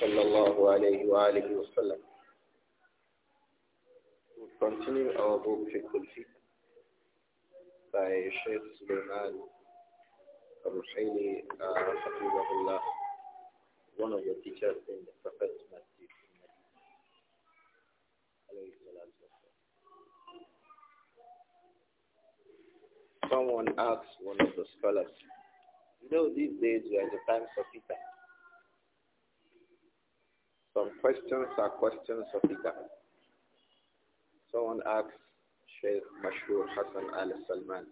صلى الله عليه وآله وسلم We continue our book Fiqh al by Sheikh Sulaiman al-Ruhaili uh, one of the teachers in the Prophet's Masjid in Someone asked one of the scholars, you know these days we are the times of Peter. Some questions are questions of the Iqah. Someone asks Sheikh Mashur Hassan al-Salman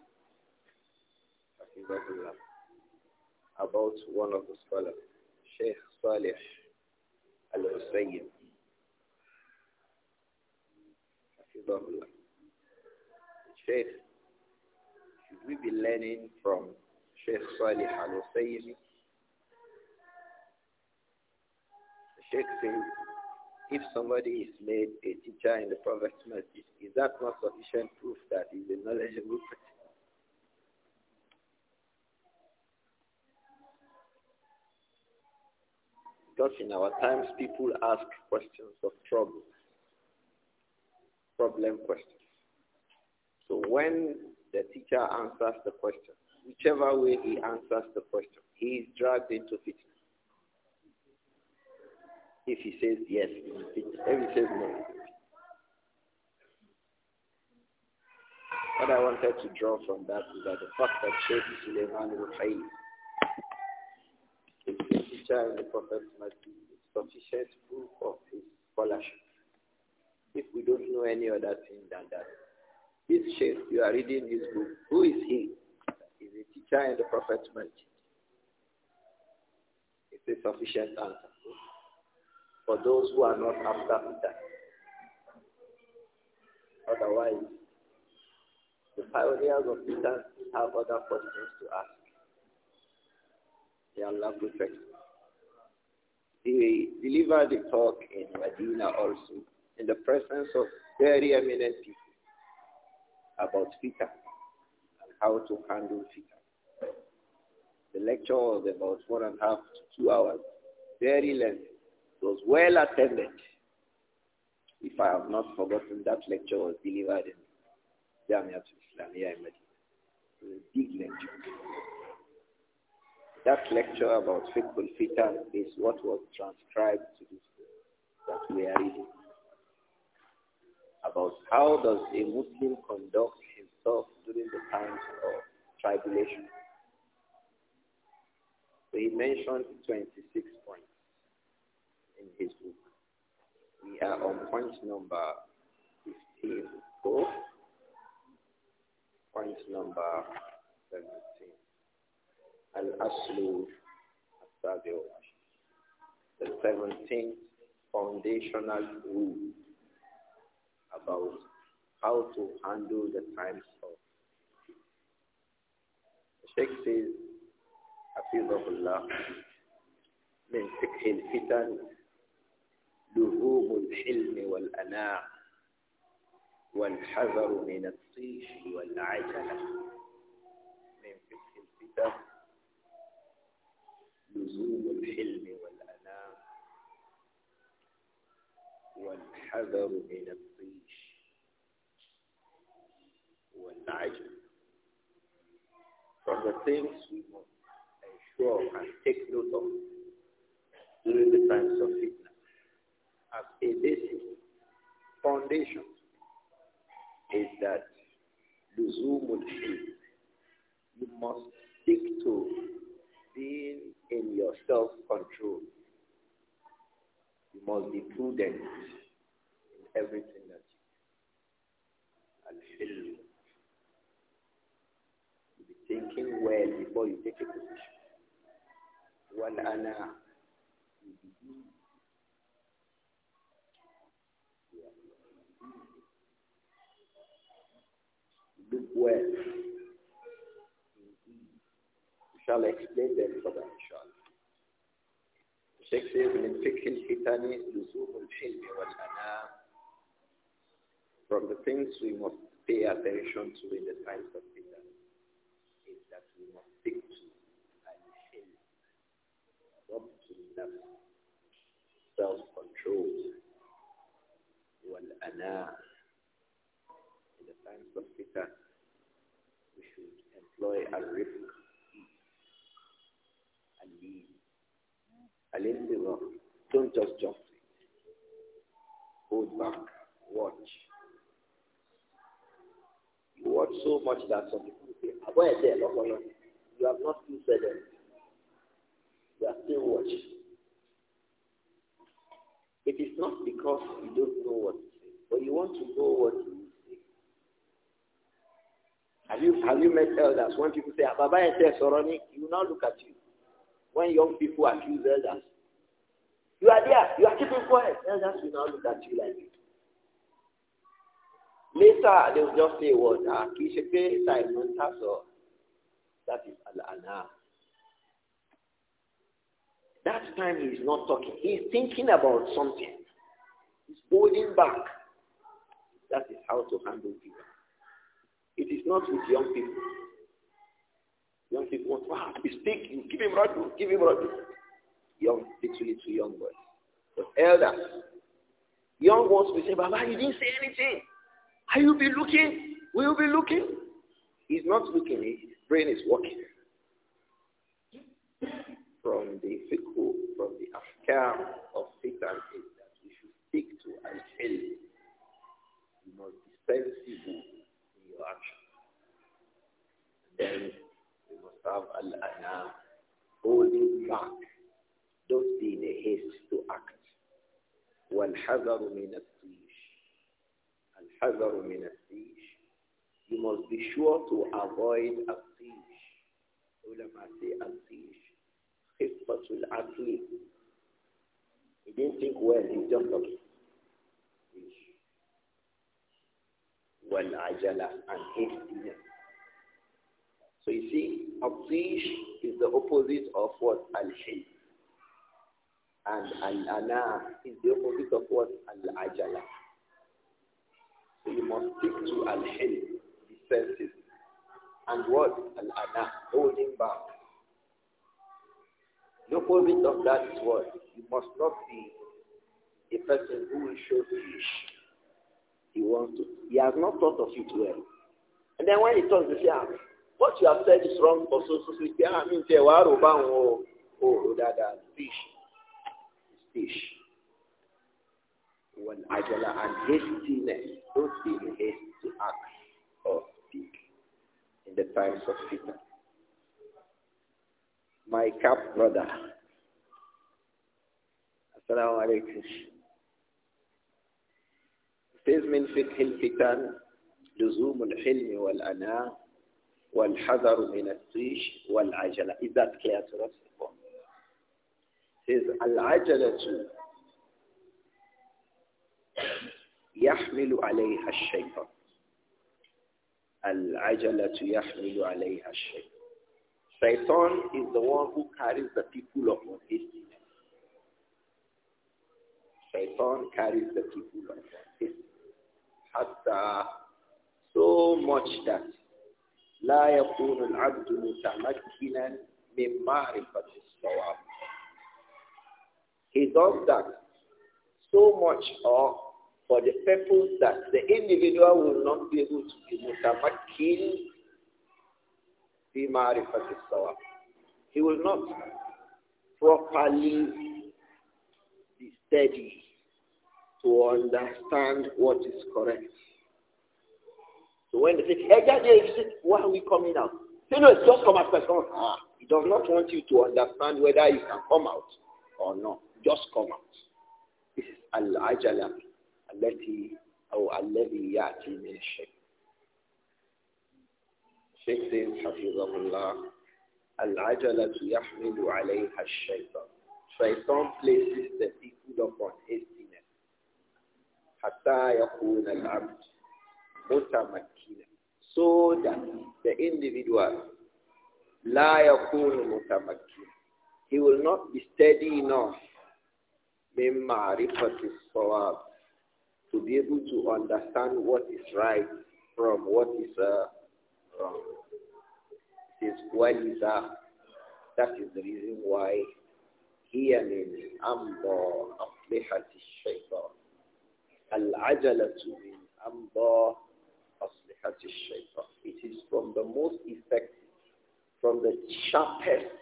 about one of the scholars, Sheikh Salih al-Husayyin. Sheikh, should we be learning from Sheikh Salih al-Husayyin Sheikh if somebody is made a teacher in the Prophet's masjid, is that not sufficient proof that he's a knowledgeable person? Because in our times, people ask questions of trouble, problem questions. So when the teacher answers the question, whichever way he answers the question, he is dragged into fitness. If he says yes, if he says no. What I wanted to draw from that is that the Prophet Sheikh Suleiman Ruhail is the teacher in the Prophet's Masjid is sufficient proof of his scholarship. If we don't know any other thing than that. This Sheikh, you are reading his book. Who is he? He's a teacher in the Prophet's Muhammad? It's a sufficient answer for those who are not after Peter. Otherwise, the pioneers of Peter have other questions to ask. They are Allah protect. He delivered a talk in Medina also, in the presence of very eminent people about Peter and how to handle Peter. The lecture was about one and a half to two hours, very lengthy was well attended. If I have not forgotten, that lecture was delivered in Jamia Islamia in Medina. It was a big lecture. That lecture about faithful fitan is what was transcribed to this that we are reading. About how does a Muslim conduct himself during the times of tribulation. So he mentioned 26 points in his book. We are on point number 15. Point number 17. Al-Aslu Asadio. The 17th foundational rule about how to handle the times of. Sheikh says, حفظه الله من فقه الفتن لهوم الحلم والأناع والحذر من الطيش والعجلة من فتح الفتن لزوم الحلم والأناع والحذر من الطيش والعجلة From the things we must ensure and take note of during the times of fitness. as a basic foundation is that Luzumul You must stick to being in your self-control. You must be prudent in everything that you do. Be thinking well before you take a position. One ana, you look well. We shall explain them further, inshallah. Sheikh says, من فقه الفتن لزوم الحلم والأنام From the things we must pay attention to in the times of Peter is that we must stick to and Not to hilm self-control, wal from We should employ a risk and lead. Al-intiwa. Don't just jump. Hold back. Watch. You watch so much that some people say, there, ah, You have not seen said You are still watching. It is not because you don't know what to say, but you want to know what to have you, have you met elders? When people say, ah, Baba Ete Soroni, you not look at you. When young people accuse elders, you are there, you are keeping quiet. Elders will not look at you like this. Later, they will just say, what? Well, ah, Simon Tasso. That is Al-Ana. That time he is not talking. He is thinking about something. He's holding back. That is how to handle people. It is not with young people. Young people wow, ah, speak, you give him right, give him right. Young, literally to young boys. But elders, young ones will say, Baba, you didn't say anything. Are you be looking? Will you be looking? He's not looking, his brain is working. From the fiqh, from the afkar of Satan is that we should speak to al-ilm. You must be sensible action. Then we must have al-anam, holding back. Don't be in a haste to act. وَالْحَذَرُ مِنَ التِّيشِ الْحَذَرُ مِنَ التِّيشِ You must be sure to avoid a التِّيشِ ulama say التِّيشِ خِفَّةُ الْعَقِيلِ He didn't think well, he jumped up. wal ajala and hastiness. So you see, abdish is the opposite of what al -hil. and al ana is the opposite of what al ajala. So you must stick to al hil, the senses, and what al ana, holding back. The opposite of that is what you must not be a person who will show fish he wants to. He has not thought of it well. And then when he talks, he says, ah, what you have said is wrong for so so so. He I mean, there were about oh, oh, that, that, fish. Fish. When Ajala and hastiness, don't be in haste to act or speak in the times of Peter, My cap brother. Assalamu alaikum. إذ من فتح الفتن لزوم الحلم والأناء والحذر من الطيش والعجلة إذا تكيات رفقكم إذ العجلة يحمل عليها الشيطان العجلة يحمل عليها الشيطان Satan is the one who carries the people of your destiny. Satan carries the people of your destiny. حتى so much that لا يكون العبد متمكنا من معرفة الصواب He does that so much or uh, for the purpose that the individual will not be able to be mutamakin في معرفة الصواب. He will not properly be steady to understand what is correct. So when they say, hey, yeah, yeah, say, why are we coming out? You know, it's just come out Ah, he does not want you to understand whether you can come out or not. Just come out. This is al-ajala التي أو الذي يأتي من الشيء. Sheikh says, Al الله, العجلة يحمل عليها الشيطان. some places the people upon it. حتى يكون العبد متمكنا so that the individual لا يكون متمكنا he will not be steady enough من معرفة الصواب to be able to understand what is right from what is uh, wrong. It is Waliza. That is the reason why he and Ambo Aflihati Shaitan. Al-ajalatu min amda aslihati shaitan. It is from the most effective, from the sharpest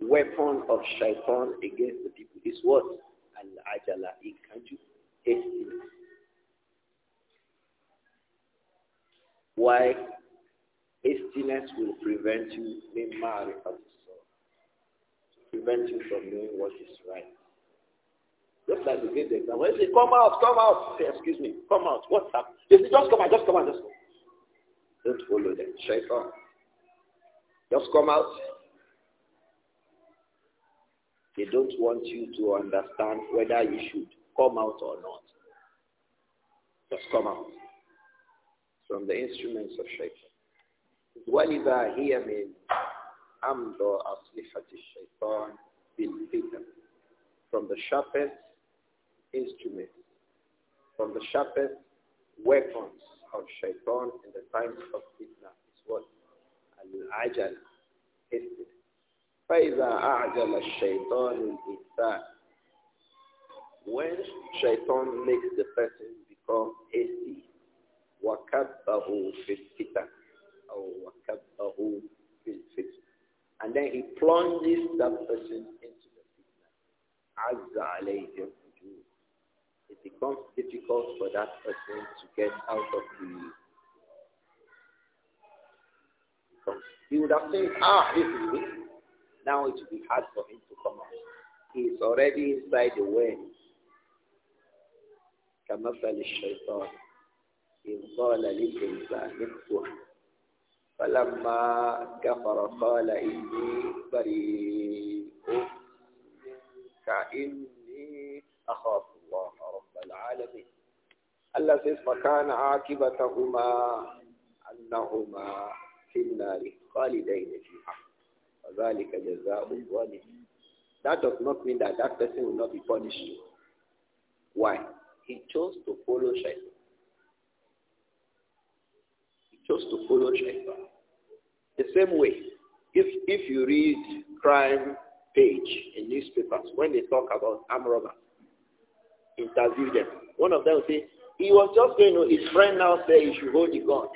weapon of shaitan against the people It is what? Al-ajala, It can't ikanju, hastiness. Why? Hastiness will prevent you, prevent you from knowing what is right. Just like the example. come out, come out. Say, excuse me, come out. What's up? just come out, just come out, just come out. Don't follow them. Shaitan. Just come out. They don't want you to understand whether you should come out or not. Just come out from the instruments of shaitan. I هِيَ the أَمْضَ أَصْلِحَةِ the بِالْفِتَنِ From the sharpest instruments, from the sharpest weapons of shaitan in the times of fitna is what? Al-ajal, hasted. فَإِذَا أَعْجَلَ الشَّيْطَانُ الْإِنسَانِ When shaitan makes the person become hasty, وَكَبَّهُ فِي الْفِتَنِ أو وَكَبَّهُ فِي الْفِتَنِ And then he plunges that person into the fitna. عَزَّ عَلَيْهِمْ it becomes difficult for that person to get out of the He would have said, ah, this is it. Now it will be hard for him to come out. He is already inside the well. كما قال الشيطان إذ قال للإنسان اكفر فلما كفر قال إني بريء منك إني Allah says, فَكَانَ عَاقِبَتَهُمَا أَنَّهُمَا فِي النَّارِ خَالِدَيْنَ فِيهَا وَذَلِكَ جَزَاءُ الظَّالِمِينَ That does not mean that that person will not be punished. Why? He chose to follow Shaitan. He chose to follow Shaitan. The same way, if, if you read crime page in newspapers, when they talk about armed robbers, interview them, one of them will say, he was just going to, his friend now said he should hold the gun.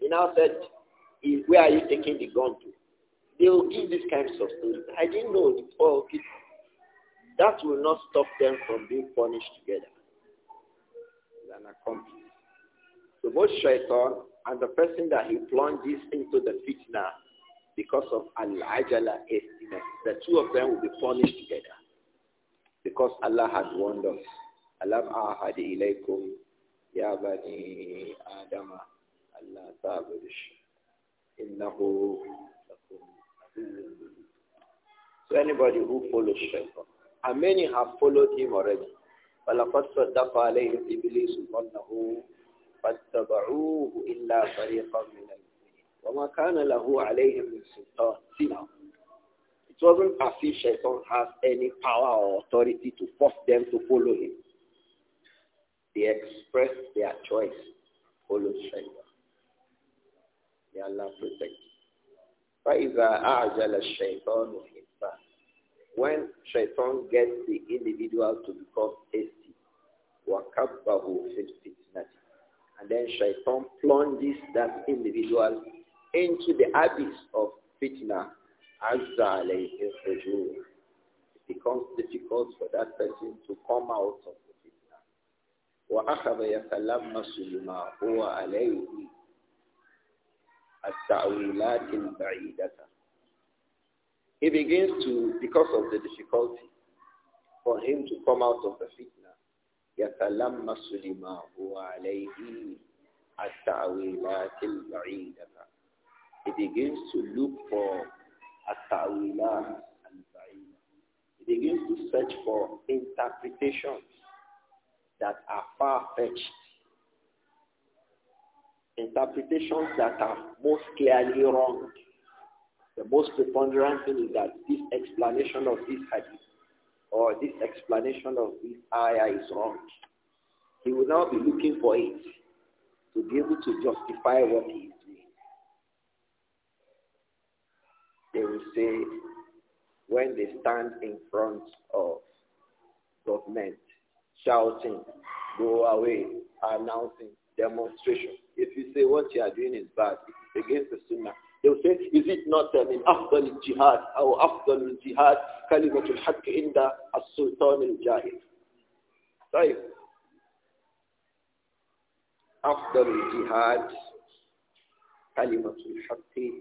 He now said, where are you taking the gun to? They will give these kinds of stories. I didn't know the poor people. That will not stop them from being punished together. An accomplice. So both shaitan and the person that he plunges into the fitna because of al-ajala estimate, the two of them will be punished together because Allah has warned us. So anybody who follows Shaitan, and many have followed him already. فلقد صدق عليهم إبليس ظنه فاتبعوه إلا فريقا من المؤمنين وما كان له عليهم من سلطان It wasn't as if Shaitan has any power or authority to force them to follow him. They express their choice. Holy Sharia. May Allah protect you. When shaitan gets the individual to become hasty, وَكَبَّهُ فِي And then shaitan plunges that individual into the abyss of fitna, عَزَّ عَلَيْهِ الرُّجُوعُ It becomes difficult for that person to come out of وأخذ يتلمس لما هو عليه التأويلات البعيدة He begins to, because of the difficulty for him to come out of the fitna, يتلمس لما هو عليه التأويلات البعيدة He begins to look for التأويلات البعيدة He begins to search for interpretation that are far-fetched, interpretations that are most clearly wrong. The most preponderant thing is that this explanation of this hadith or this explanation of this ayah is wrong. He will now be looking for it to be able to justify what he is doing. They will say, when they stand in front of government, shouting, go away, announcing, demonstration. If you say what you are doing is bad, against the sunnah. They'll say, is it not an in jihad or Afghan jihad kalimatul haqq inda as-sultan al-jahil? Right. Afdal jihad kalimatul haqq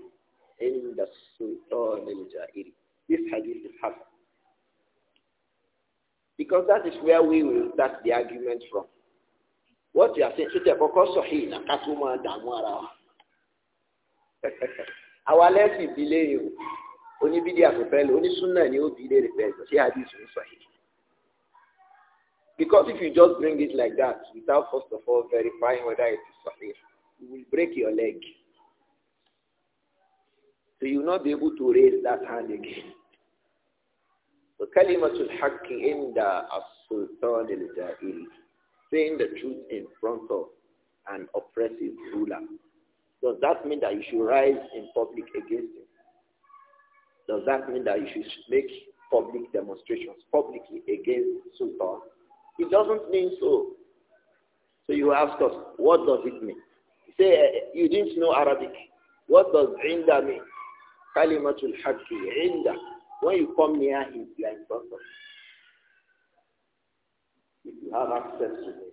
inda as-sultan al-jahil. This hadith is hard. Because that is where we will start the argument from. What you are saying, because ṣe kọ́kọ́ sọ̀hí ìnàkátó máa dààmú ara wa. Àwa lẹ́sìn ìbílẹ̀ yìí o, oníbídìí you will be there bílẹ̀ rẹ̀ bẹ̀rẹ̀ sí àdìsí ń sọ̀hí. Because if you just bring it like that without first of all verifying whether it is sahih, you will break your leg. So you will not be able to raise that hand again. So kalimatul haqqi inda as-sultan al Saying the truth in front of an oppressive ruler. Does that mean that you should rise in public against him? Does that mean that you should make public demonstrations publicly against Sultan? It doesn't mean so. So you ask us, what does it mean? You say, eh, you didn't know Arabic. What does inda mean? Kalimatul haqqi inda. When you come near him, you are in front of him. If you have access to him,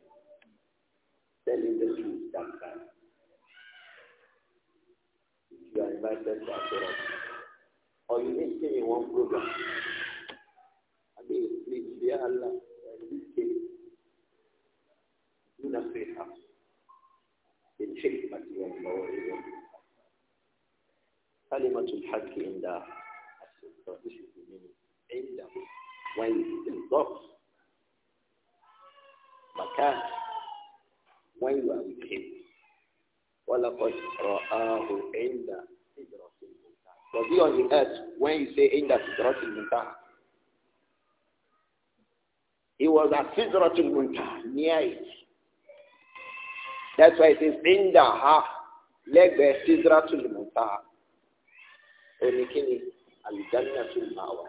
tell him the truth that time. If you are invited to appear or you meet him in one program, I mean, please, dear Allah, do not be كلمة الحق sufficient for me any day. When you are lost, my cat, when you are with him, what a question for our on the earth, when you say in the drossing winter, he was a Sidrotin Munta, near it. That's why it is in the heart, leg by Sidrotin Munta. Only Ma'wa.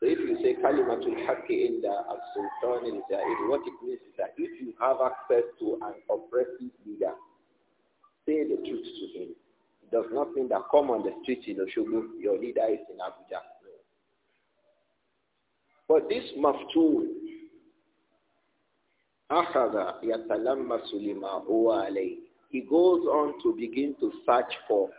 So if you say Kalimatul Haqqi in the Al-Sultan al what it means is that if you have access to an oppressive leader, say the truth to him. It does not mean that come on the street in Oshogo, your leader is in Abuja. But this maftool, أخذ يتلمس لما هو عليه. He goes on to begin to search for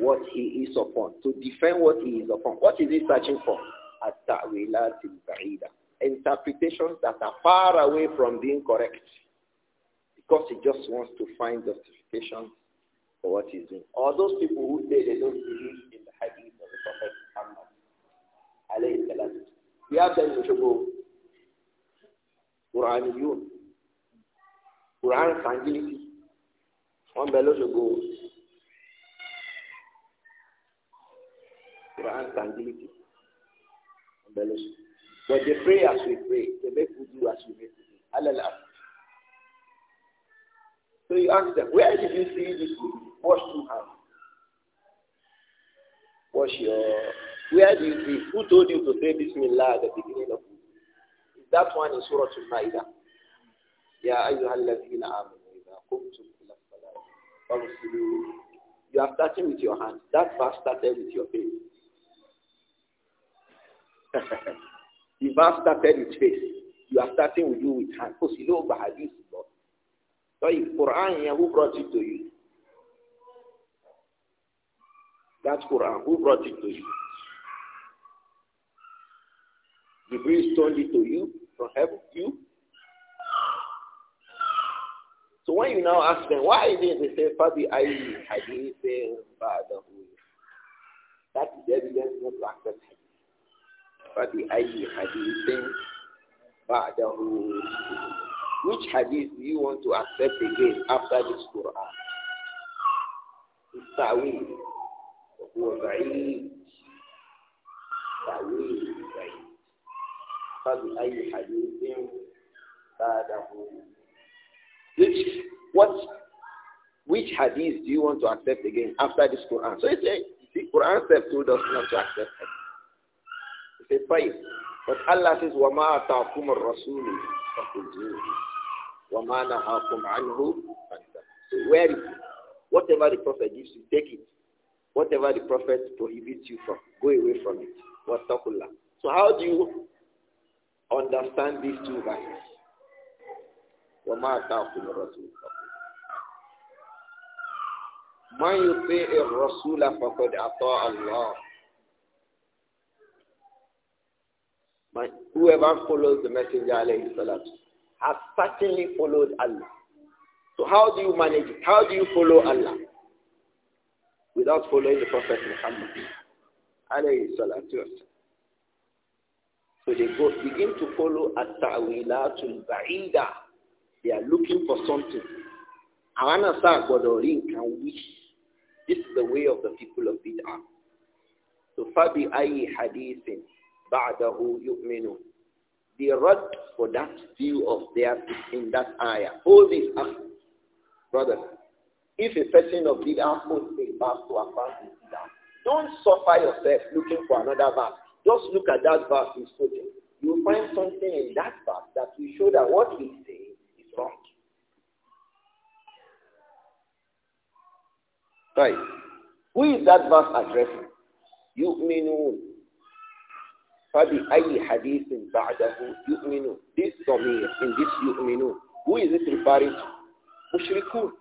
what he is upon, to defend what he is upon. What is he searching for? At-ta'wilat al-ba'ida. Interpretations that are far away from being correct. Because he just wants to find justification for what he's doing. All those people who say they don't believe in the hadith of the Prophet Muhammad. We have them in trouble. Quraniyun. Quran Sangili. One below to go. Quran can it But they pray as we pray. They make do as we make wudu. Allah So you ask them, where did you see this wudu? Wash two hands. Wash your... Where did you see? Who told you to say Bismillah at the beginning of That one is Surah Al-Ma'idah. يا أيها الذين آمنوا إذا قمتم إلى الصلاة You are starting with your hands. That verse started with your face. You've started with face. You are starting with you with hand. Because you know about but So if Quran here, who brought it to you? That Quran, who brought it to you? Jibril stoned it to you from heaven, you? So when you now ask them, why is it? they say, I, Fabi Ayi Hadith eh, Ba'dahu? That is the evidence not to accept فبأي حديث بعده Which hadith do you want to accept again after this Quran? التعويل وهو بعيد تعويل بعيد فبأي حديث بعده Which what which hadith do you want to accept again after this Quran? So he said the Quran said told us not to accept it a But Allah says, وَمَا أَتَاكُمُ الرَّسُولُ فَخُذُوهُ وَمَا نَهَاكُمْ عَنْهُ So where is it? Whatever the Prophet gives you, take it. Whatever the Prophet prohibits you from, go away from it. وَاتَّقُ So how do you understand these two verses? وَمَا أَتَاكُمُ الرَّسُولُ فَخُذُوهُ مَنْ يُطِيعِ الرَّسُولَ فَقَدْ أَطَاعَ اللَّهِ But whoever follows the Messenger alayhi salam has certainly followed Allah. So how do you manage it? How do you follow Allah? Without following the Prophet Muhammad alayhi salatu So they go, begin to follow at-ta'wilatul ba'ida. They are looking for something. I want to start godorin can wish. This is the way of the people of Bid'ah. So fabi ayi Hadith ba'dahu yu'minu. The rod for that view of theirs in that ayah. Hold this up. Brother, if a person of the holds a verse to affirm his don't suffer yourself looking for another verse. Just look at that verse he's quoting. You'll find something in that verse that will show that what he's saying is wrong. Right. Who is that verse addressing? You mean فَبِأَيِّ حَدِيثٍ بَعْدَهُ This domain, in this يُؤْمِنُ, who is it referring to?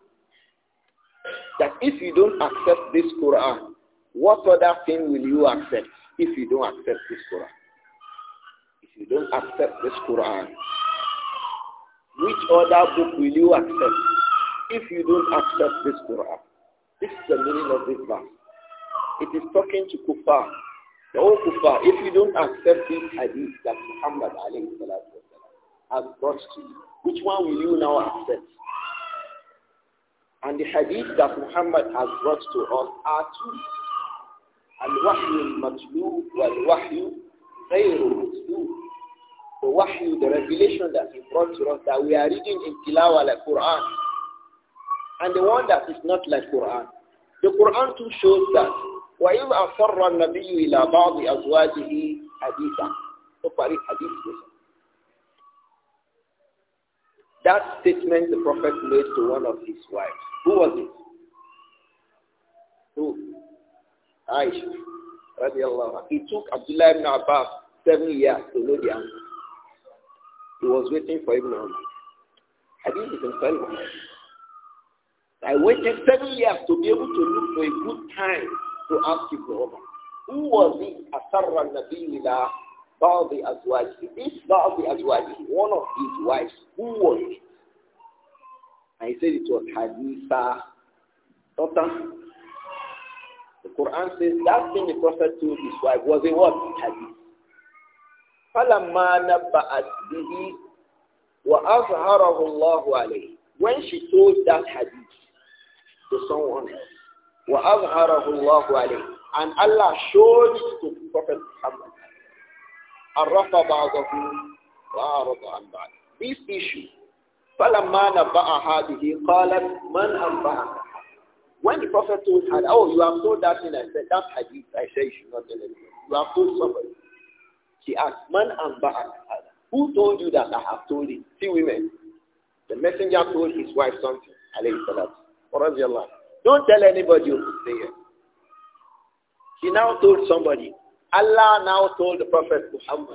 That if you don't accept this Quran, what other thing will you accept if you don't accept this Quran? If you don't accept this Quran, which other book will you accept if you don't accept this Quran? This is the meaning of this verse. It is talking to kuffar Oh, if you don't accept this hadith that Muhammad wasalam, has brought to you, which one will you now accept? And the hadith that Muhammad has brought to us are two. Al-Wahyu al-Matlu wal-Wahyu ghayru matlu The Wahyu, the revelation that he brought to us that we are reading in Tilawa like Quran. And the one that is not like Quran. The Quran too shows that وإذ النبي إلى بعض أزواجه حديثا تقري حديث That statement the Prophet made to one of his wives. Who was it? Who? Aisha. Radiallahu It took Abdullah ibn Abbas seven years to know the answer. He was waiting for Ibn Umar. Hadith is in I waited seven years to be able to look for a good time to ask Ibn Umar, who was this Asarra Nabi ila Ba'di Azwaji? This Ba'di Azwaji, one of his wives, who was it? And he said it was Haditha. Daughter, the Quran says that thing the Prophet told his wife was a what? Hadith. فَلَمَّا نَبَّأَتْ بِهِ وَأَظْهَرَهُ اللَّهُ عَلَيْهِ When she told that hadith the son else, وَأَظْهَرَهُ اللَّهُ عَلَيْهِ And Allah showed it to Prophet Muhammad. عَرَّفَ بَعْضَهُ وَأَعْرَضَ عَنْ بَعْضٍ This issue, فَلَمَّا نَبَّأَهَا بِهِ قَالَتْ مَنْ أَنْبَأَكَ When the Prophet told her, oh, you have told that thing, I said, that hadith, I said, you should not tell anyone. You have told somebody. She asked, man anba'ak Who told you that I have told it? See women. The messenger told his wife something, alayhi salatu. Don't tell anybody you say here. She now told somebody. Allah now told the Prophet Muhammad.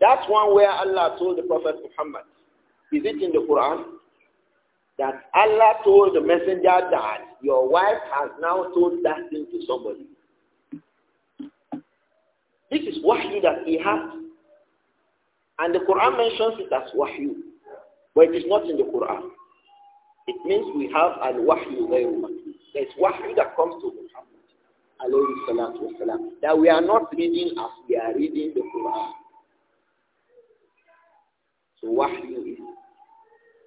That's one where Allah told the Prophet Muhammad. Is it in the Quran? That Allah told the messenger that your wife has now told that thing to somebody. This is wahyu that he had. And the Quran mentions it as wahyu. But it is not in the Quran. It means we have an wahyu ghayru There's wahyu that comes to Muhammad, alayhi salatu that we are not reading as we are reading the Quran. So wahyu is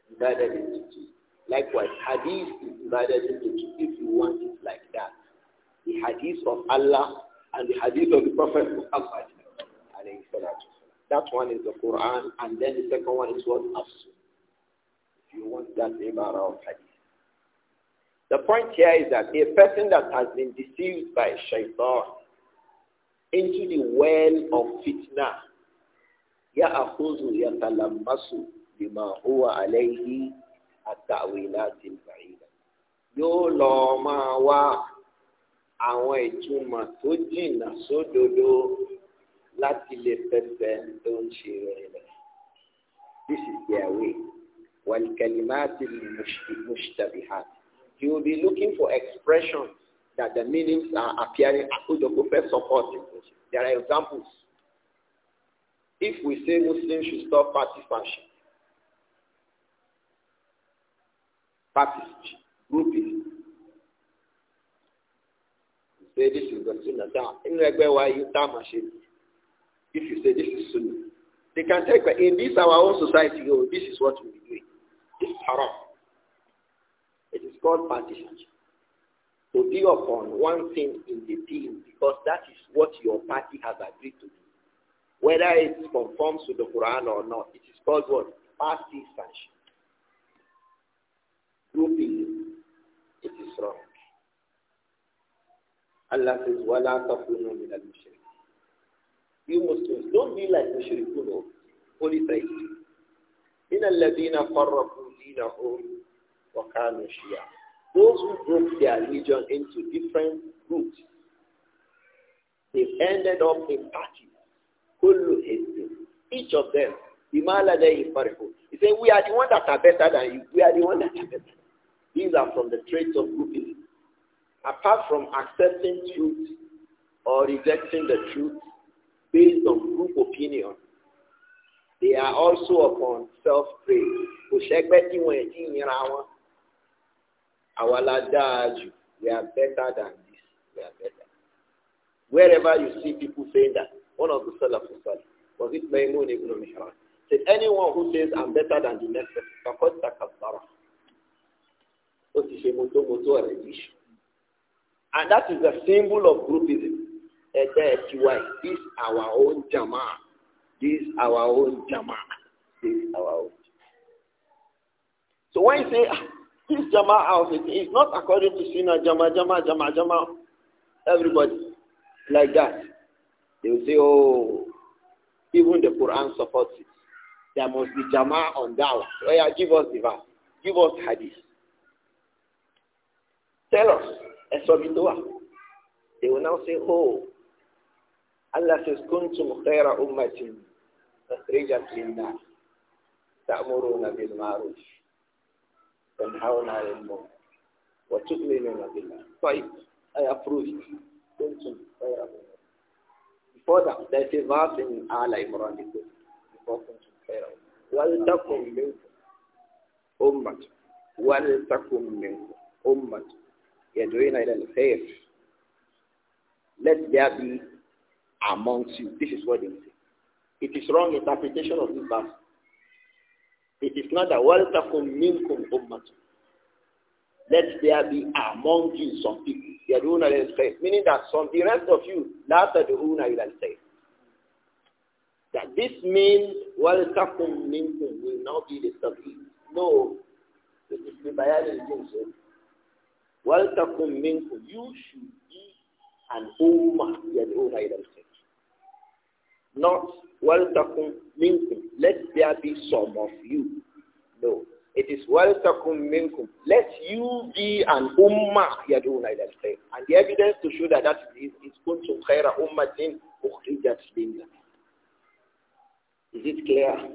divided into two. Likewise, hadith is divided into two if you want it like that. The hadith of Allah and the hadith of the Prophet Muhammad. That one is the Quran and then the second one is what? As you want that ibarah of hadith. The point here is that a person that has been deceived by shaitan into the well of fitna, يَأَخُذُ يَتَلَمَّسُ بِمَا هُوَ عَلَيْهِ التَّأْوِيلَاتِ الْبَعِيدَةِ Yóò lọ máa wá àwọn ìtumọ̀ tó jìnnà sódodo láti lè fẹsẹ̀ tó ń ṣe rẹ̀. This is their way. وَالْكَلِمَاتِ الْمُشْتَبِهَاتِ He will be looking for expressions that the meanings are appearing. There are examples. If we say Muslims should stop party fashion, party grouping, say this is the sunnah, down. In why you machine. If you say this is sunnah, they can take in this our own society, oh, this is what we do is haram. It is called partition. To be upon one thing in the team because that is what your party has agreed to do. Whether it conforms to the Quran or not, it is called what? Party sanction. Grouping. It is wrong. Allah says, وَلَا تَكُونُوا مِنَ الْمُشْرِكِينَ You Muslims, don't be like mushrikun, holy oh. faith. الَّذِينَ فَرَّقُوا دِينَهُمْ وَكَانُوا شِيَعًا Those who broke their religion into different groups, they ended up in parties. كُلُّ حِزْبٍ Each of them, بِمَا لَدَيْهِ فَرِحُونَ He said, we are the ones that are better than you. We are the ones that are better. These are from the traits of grouping. Apart from accepting truth or rejecting the truth based on group opinion, they are also upon self-praise kò ṣẹ́gbẹ́ tí wọ́n ẹ̀ tí ń yẹra wọn àwa la dáa jù we are better than this we are better wherever you see people saying that one of the salaf salaf was it Maimun ibn Mihran said anyone who says I'm better than the next person kakot takasara ó ti ṣe mọ́tòmọ́tò rẹ̀ yìí and that is the symbol of groupism ẹgbẹ́ ẹ̀ tiwa this our own jamaah. This is our own Jama. This is our own. So when you say ah, this Jama house, it is not according to Sunnah Jama, Jama, Jama, Jama, everybody like that. They will say, oh, even the Quran supports it. There must be Jama on Dawah. Oh yeah, give us the verse. Give us hadith. Tell us, They will now say, oh, Allah says, kuntum khaira ummatin مخرجا للناس تأمرون بالمعروف تنهون عن المنكر وتؤمنون بالله طيب I approve it كنتم خير أمة Before that, there's a verse in Al Imran before كنتم خير أمة ولتكن منكم أمة ولتكن منكم أمة يدعون إلى الخير Let there be amongst you. This is what they say. It is wrong interpretation of this verse. It is not a welcome minkum ummatum. Let there be among you some people. who Yaduna is faith. Meaning that some the rest of you, that the una you say. That this means welcome minkum will not be disturbed. No. It is the Bayani so. Welcome minkum. You should be an ummah. Yaduna say. Not waltakum minkum. Let there be some of you. No. It is waltakum minkum. Let you be an ummah yaduna ila al-khair. And the evidence to show that that is is kuntum khaira ummatin ukhrijat lin Is it clear?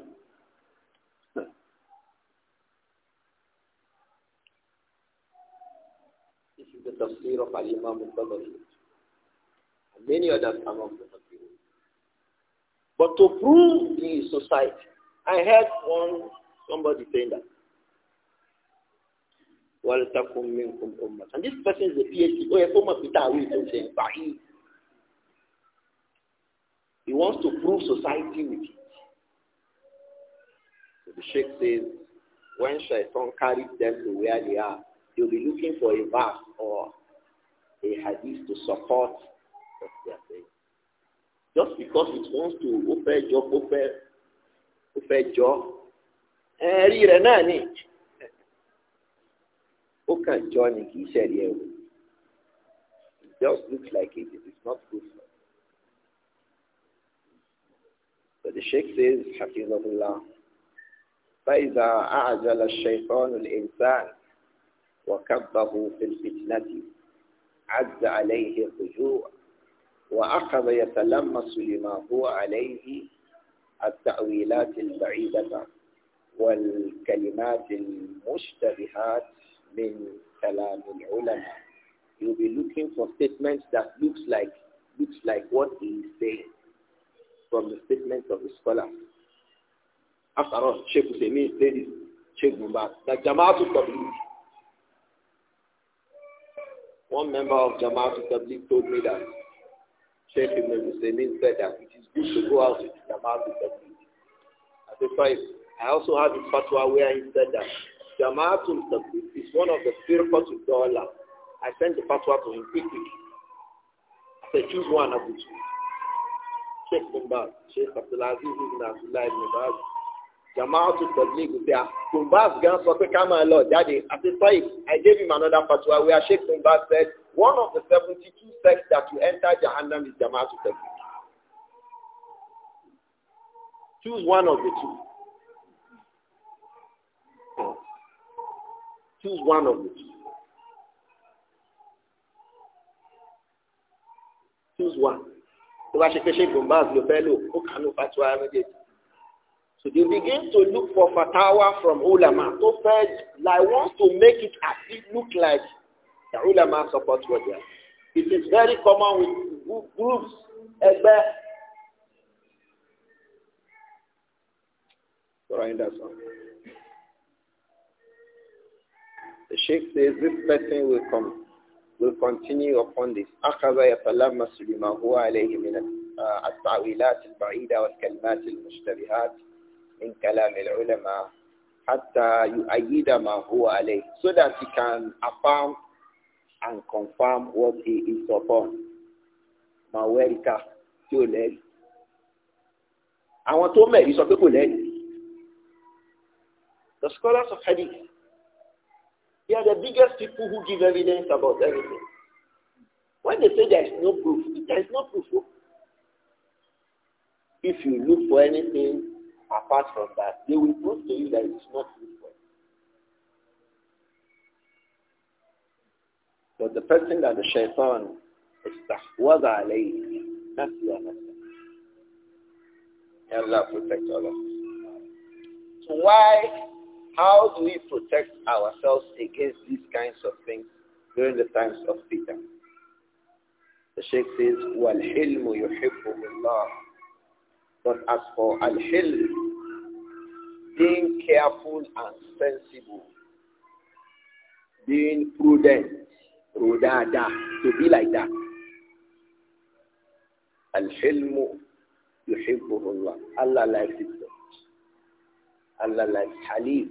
This is the tafsir of Al-Imam al-Tabari. Many others among the but to prove the society, I heard one somebody saying that. And this person is a PhD. Oh, a former Peter Wilson saying, He wants to prove society with it. So the Sheikh says, when Shaitan carries them to where they are, they'll be looking for a verse or a hadith to support what they are saying. Just because it wants to open job, open, open job, ẹ̀rí rẹ̀ náà ni ó kàn jọ ni kì í ṣẹ̀rí ẹ̀ o. It just looks like it, it is not good for But the Sheikh says, حفظه الله, فإذا أعجل الشيطان الإنسان وكبه في الفتنة عز عليه الرجوع وأخذ يتلمس لما هو عليه التأويلات البعيدة والكلمات المشتبهات من كلام العلماء. You'll be looking for statements that looks like looks like what he is saying from the statements of the scholars. After all, Sheikh Hussein said this, Sheikh Mubarak, that Jamaatul Tabligh. One member of Jamaatul Tabligh told me that Sheikh Ibn Hussein said that it is good to go out with the Jama'at with the people. As a five, I also have a fatwa where he said that Jama'atul Tabligh is one of the firqatul dollar. I sent the fatwa to him quickly. I said, choose one of the two. Sheikh Ibn Baz, Sheikh Abdulaziz Ibn Abdullah Ibn Baz. Jama'atul Tabligh will say, Ibn Baz, gan sọ pé ká máa lọ jáde. As a five, I gave him another fatwa where Sheikh Ibn Baz said, One of the 72 sects that will enter Jahannam is Jama'at Tawfiq. Choose one of the two. Choose one of the two. Choose one. Tó bá ṣe pé ṣe Gombaz ló fẹ́ lò, ó kà ló fatuwa méjèèjì. So they begin to look for fatawa from ulama. So first, like wants to make it as it look like The ulama support what they It is very common with groups, Egbe. Sorry, that's all. The Sheikh says this person will come will continue upon this. أخذ يتلمس لما هو عليه من التعويلات البعيدة والكلمات المشتبهات من كلام العلماء حتى يؤيد ما هو عليه so that he can affirm and confirm what he is upon. Màwẹ́ríkà tí ò lẹ́rìí. Àwọn tó mẹ̀rí sọ pé kò lẹ́rìí. The scholars of Hadith, they are the biggest people who give evidence about everything. When they say there is no proof, there is no proof. Oh. If you look for anything apart from that, they will prove to you that it is not true. But the person that the shaitan was alayhi, that's your May Allah protect all of us. So why, how do we protect ourselves against these kinds of things during the times of fitna? The Sheikh says, وَالْحِلْمُ يُحِبُّهُ اللَّهُ But as for al-hilm, being careful and sensible, being prudent, to be like that. Al-Hilmu yuhibbuhullah. Allah likes it so Allah likes Halim.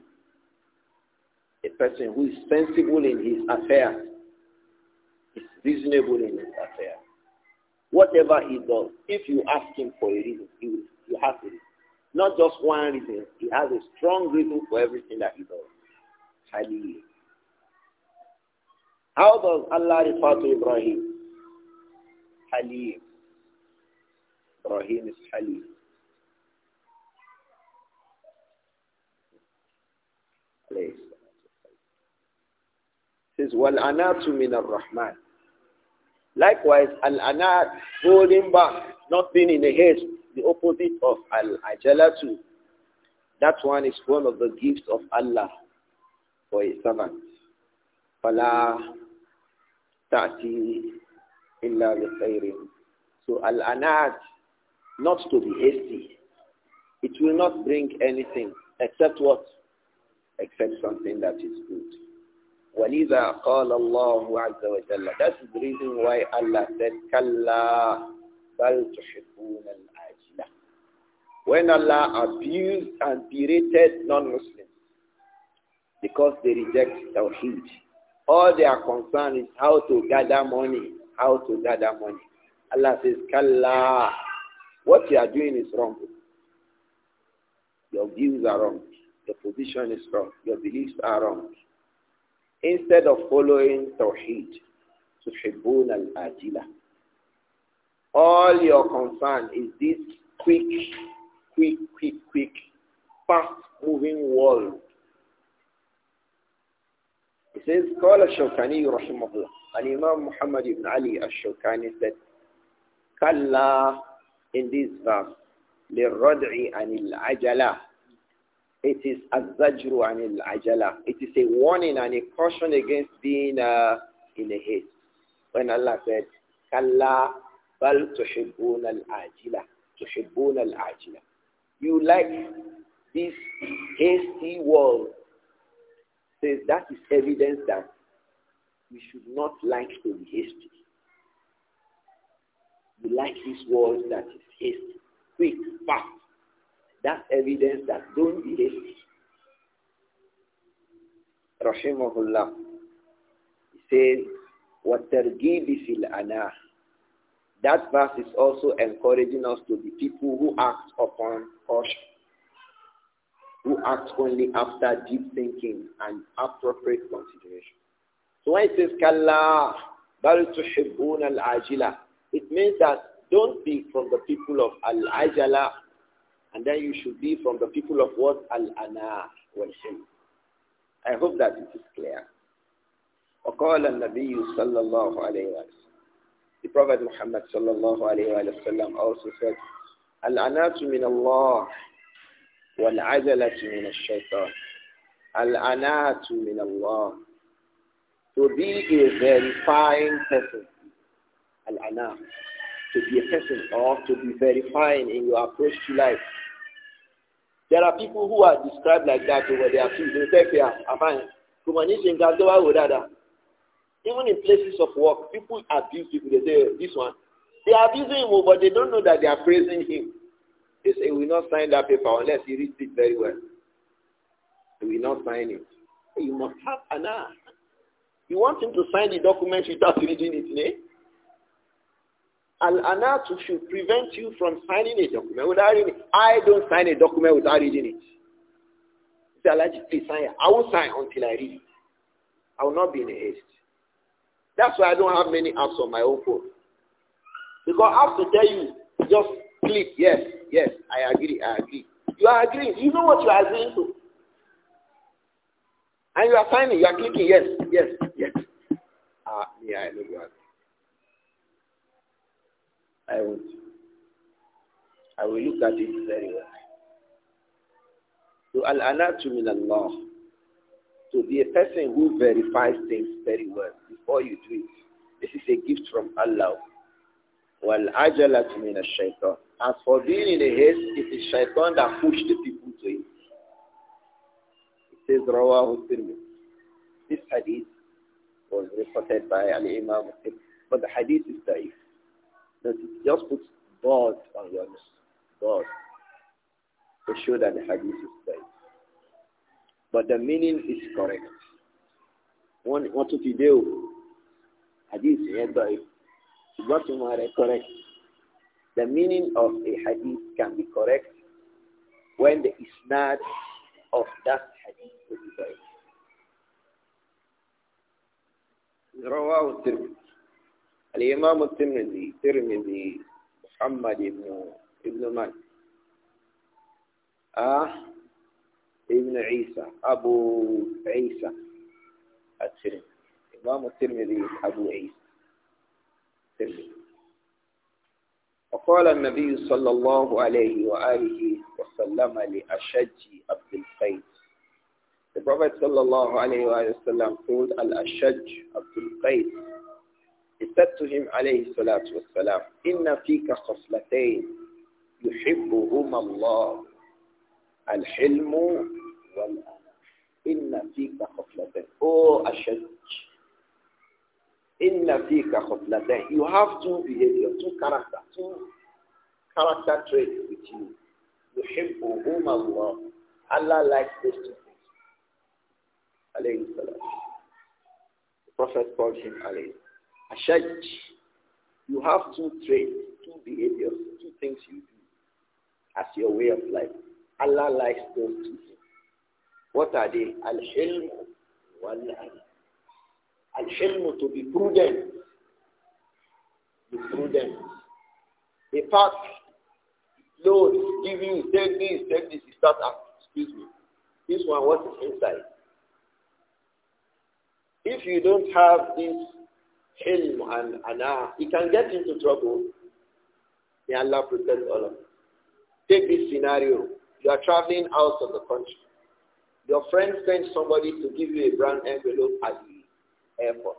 A person who is sensible in his affairs, is reasonable in his affairs. Whatever he does, if you ask him for a reason, he will, you have it. Not just one reason. He has a strong reason for everything that he does. Halim. How does Allah refer to Ibrahim? Halim. Ibrahim is Halim. Place. Says Walanatu min al Rahman. Likewise, Al Anat holding back, not being in a haste, the opposite of Al Ajalatu. That one is one of the gifts of Allah for his servant. Fala تأتي إلا بخير So al not to be hasty. It will not bring anything except what? Except something that is good. وَلِذَا قَالَ اللَّهُ عَزَّ وَجَلَّ That's the reason why Allah said, كَلَّا بَلْ تُحِبُّونَ الْعَجْلَ When Allah abused and berated non-Muslims because they reject Tawheed, all they are concerned is how to gather money, how to gather money. Allah says, Kalla, what you are doing is wrong. Your views are wrong. Your position is wrong. Your beliefs are wrong. Instead of following Tawheed, Tuhibbun al-Ajila. All your concern is this quick, quick, quick, quick, fast-moving world says, قال الشوكاني رحمه الله الإمام محمد بن علي الشوكاني said, كلا in this verse للردع عن العجلة It is الزجر عن العجلة It is a warning and a caution against being uh, in a haste. When Allah said, كلا بل تحبون العاجلة تحبون العاجلة You like this hasty world says that is evidence that we should not like to be hasty. We like this world that is hasty, quick, fast. That's evidence that don't be hasty. Rahimahullah. He says, وَالتَّرْجِيبِ فِي الْأَنَاهِ That verse is also encouraging us to be people who act upon caution who acts only after deep thinking and appropriate consideration. So when it says kalla bal tushibun al-ajila, it means that don't be from the people of al-ajala and then you should be from the people of what al-ana wal I hope that it is clear. وقال النبي صلى الله عليه وسلم The Prophet Muhammad صلى الله عليه وسلم also said, الأنات من الله من الشيطان من الله to be a verifying person العناة to be a person or to be verifying in your approach to life there are people who are described like that over their they say yeah, am even in places of work people abuse people they say this one they are abusing him but they don't know that they are praising him they say, we will not sign that paper unless he reads it very well. He will not sign it. You must have an act. You want him to sign the document without reading it, nay? An anat should prevent you from signing a document without reading it. I don't sign a document without reading it. Say, Alaji, please sign it. I will sign until I read it. I will not be in a haste. That's why I don't have many apps on my own phone. Because I have to tell you, just click yes, Yes, I agree, I agree. You are agreeing. You know what you are agreeing to. And you are signing, you are clicking, yes, yes, yes. Ah, uh, yeah, I know you are. I will. I will look at it very well. So al-anatu min Allah. To be a person who verifies things very well before you do it. This is a gift from Allah. Wal-ajalatu min ash-shaytan. As for being in a haste, it is shaitan that pushed the people to it. It says, Rawa This hadith was reported by Ali Imam But the hadith is da'if. That it just puts God on your list. God. To show that the hadith is da'if. But the meaning is correct. One, what to you do? Hadith is da'if. You got to correct the meaning of a hadith can be correct when the isnad of that hadith is correct. رواه الترمذي الإمام الترمذي ترمذي محمد بن ابن من آه ابن عيسى أبو عيسى الترمذي إمام الترمذي أبو عيسى الترمذي وقال النبي صلى الله عليه وآله وسلم لأشج عبد القيس The Prophet صلى الله عليه وآله وسلم told Al-Ashaj عبد القيس He said to him عليه الصلاة والسلام إن فيك خصلتين يحبهما الله الحلم والأنف إن فيك خصلتين أو أشج Inna fika khuflatayn. You have two behavior, two character, two character traits with you. The Yuhibbuhum Allah. Allah likes those two things. Alayhi salam. The Prophet called him alayhi. Ashaj. You have two traits, two behaviors, two things you do as your way of life. Allah likes those two things. What are they? Al-hilm wal-adl. Al-Hilmu to be prudent. Be prudent. The fact, Lord, give you, take this, take this, is not, excuse me. This one, what is inside? If you don't have this hilm and ana, you uh, can get into trouble. May Allah protect all of you. Take this scenario. You are traveling out of the country. Your friend sends somebody to give you a brand envelope you airport.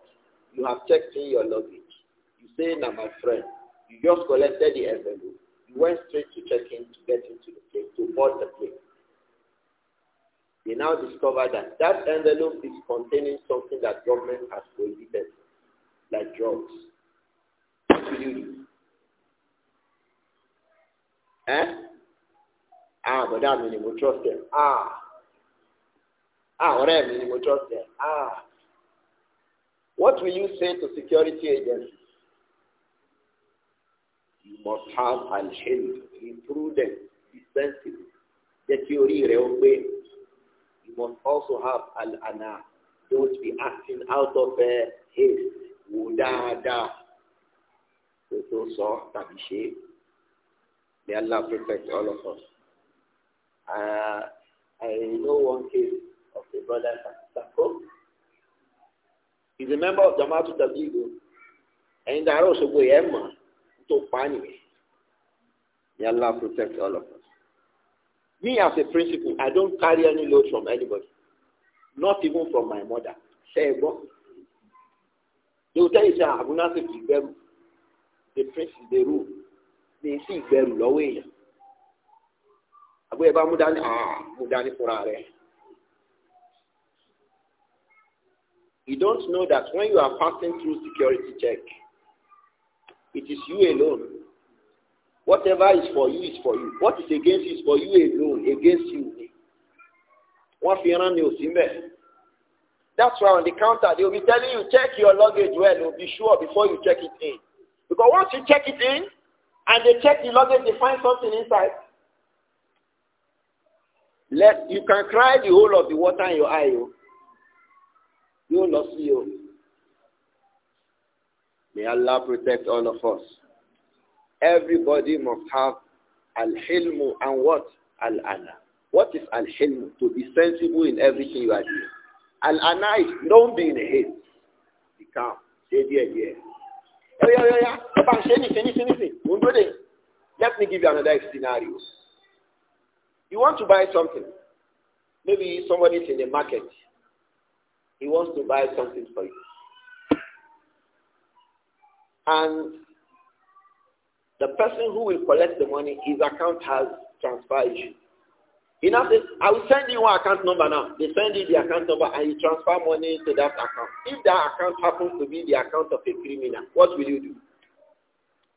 You have checked in your luggage. You say, now my friend, you just collected the envelope. You went straight to check in to get into the plane, to board the plane. They now discover that that envelope is containing something that government has prohibited, like drugs. What do you do? Eh? Ah, but that means you will trust them. Ah. Ah, whatever, you will trust them. Ah. What will you say to security agencies? You must have an helm, be prudent, be sensitive. theory railway. You must also have an ana. Don't be acting out of uh, haste. Wudada. Toto so tabishi. May Allah protect all of us. Uh, I know one case of a brother that is a member of Jama'atu Tabligh ẹ̀yin dàrá Òṣogbo yẹn mọ̀ tó pa nìyẹn may Allah protect all of us me as a principal I don't carry any load from anybody not even from my mother ṣe é gbọ́ they will tell you say abuna ṣe fi gbẹrù the prince is the rule ní sí ìgbẹrù lọ́wọ́ èèyàn àbúrò ẹ bá mú dání Ah, mú dání fúnra rẹ̀. You don't know that when you are passing through security check, it is you alone. Whatever is for you is for you. What is against you is for you alone, against you. That's why on the counter they will be telling you check your luggage well oh, be sure before you check it in. Because once you check it in and they check the luggage they find something inside. Let, you can cry the whole of the water in your eye oh yóò lọ sí o. May Allah protect all of us. Everybody must have al-hilmu and what? Al-ana. What is al-hilmu? To be sensible in everything you are doing. Al-ana is don't be in a haste. Be calm. Stay there, there. yeah, yeah, yeah. anything, anything, anything. Let me give you another scenario. You want to buy something. Maybe somebody is in the market. He wants to buy something for you. And the person who will collect the money, his account has transferred you. He now says, I will send you one account number now. They send you the account number and you transfer money to that account. If that account happens to be the account of a criminal, what will you do?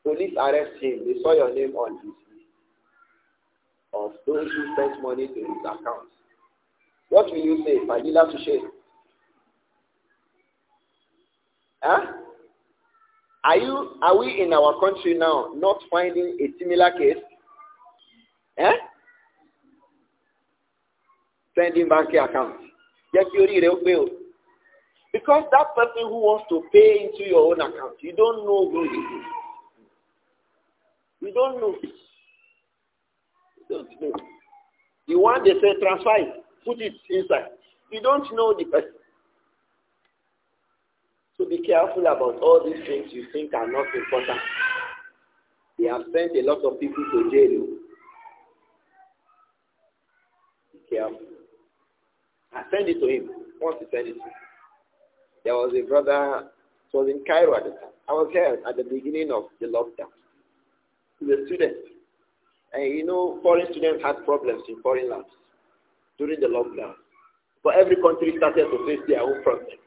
Police arrest him. They saw your name on his list of those who sent money to his account. What will you say, Fadila Huh? Are you are we in our country now not finding a similar case? Eh? Sending bank account. Yes, you Because that person who wants to pay into your own account, you don't know who it is. You don't know. You don't know. You want they say transfer it, put it inside. You don't know the person. So be careful about all these things you think are not important. They have sent a lot of people to jail. Oh. Be careful. I sent it to him. Once he sent it to There was a brother, it was in Cairo at the time. I was here at the beginning of the lockdown. He was a student. And you know, foreign students had problems in foreign labs during the lockdown. But every country started to face their own problems.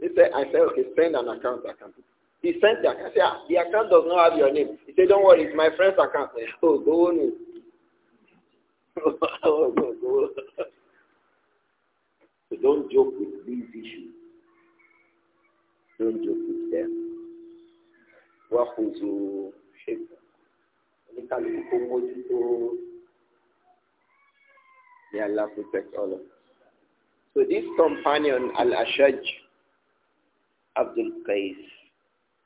He said, I said, okay, send an account account. He sent the account. I said, ah, the account does not have your name. He said, don't worry, it's my friend's account. Said, oh, go on. oh, go, go. so don't joke with these issues. Don't joke with them. Wahuzu Sheba. Oníkàlùkù kó mójútó. May Allah protect all of us. So this companion, Al-Ashaj, Abdul Qais.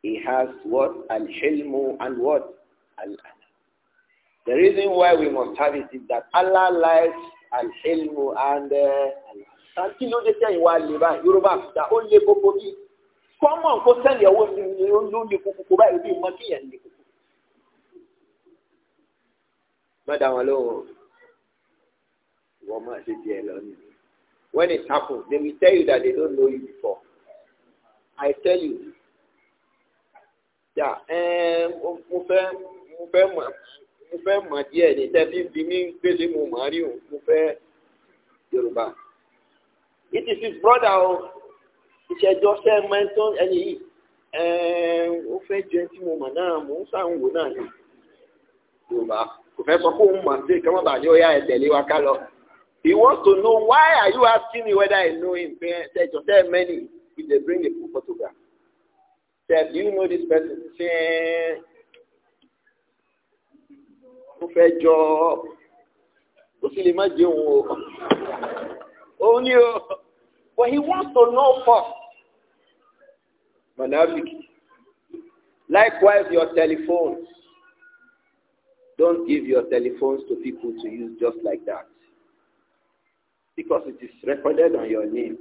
He has what? Al-Hilmu and what? Al-Ana. The reason why we must have it is that Allah likes Al-Hilmu and uh, al When it happens, they will tell you that they don't know you before. I tell you. Yeah, eh, mo fẹ́ mo fẹ́ mọ̀ mo fẹ́ mọ̀ díẹ̀ ní tẹ́tí bí mi gbèsè mo mọ̀ rí o mo fẹ́ Yorùbá. It is his brother o. Ìṣẹ̀jọ́ sẹ́ mẹ́tọ́ ẹni yìí. Eh, ó fẹ́ ju ẹni tí mo mọ̀ náà mo ń sàn wò náà ni. Yorùbá kò fẹ́ sọ pé òun mọ̀ sí kọ́mọ́ bàjẹ́ ó yá ẹ tẹ̀lé wa ká lọ. He wants to know why are you asking me whether I know him? Ṣẹ̀jọ́ sẹ́ mẹ́ni if they bring a photograph. Said, do you know this person? Say, ó fẹ́ jọ kò sí lè má jẹun o. fe jo ko But he wants to know first. Manafiki. Likewise, your telephones. Don't give your telephones to people to use just like that. Because it is recorded on your name.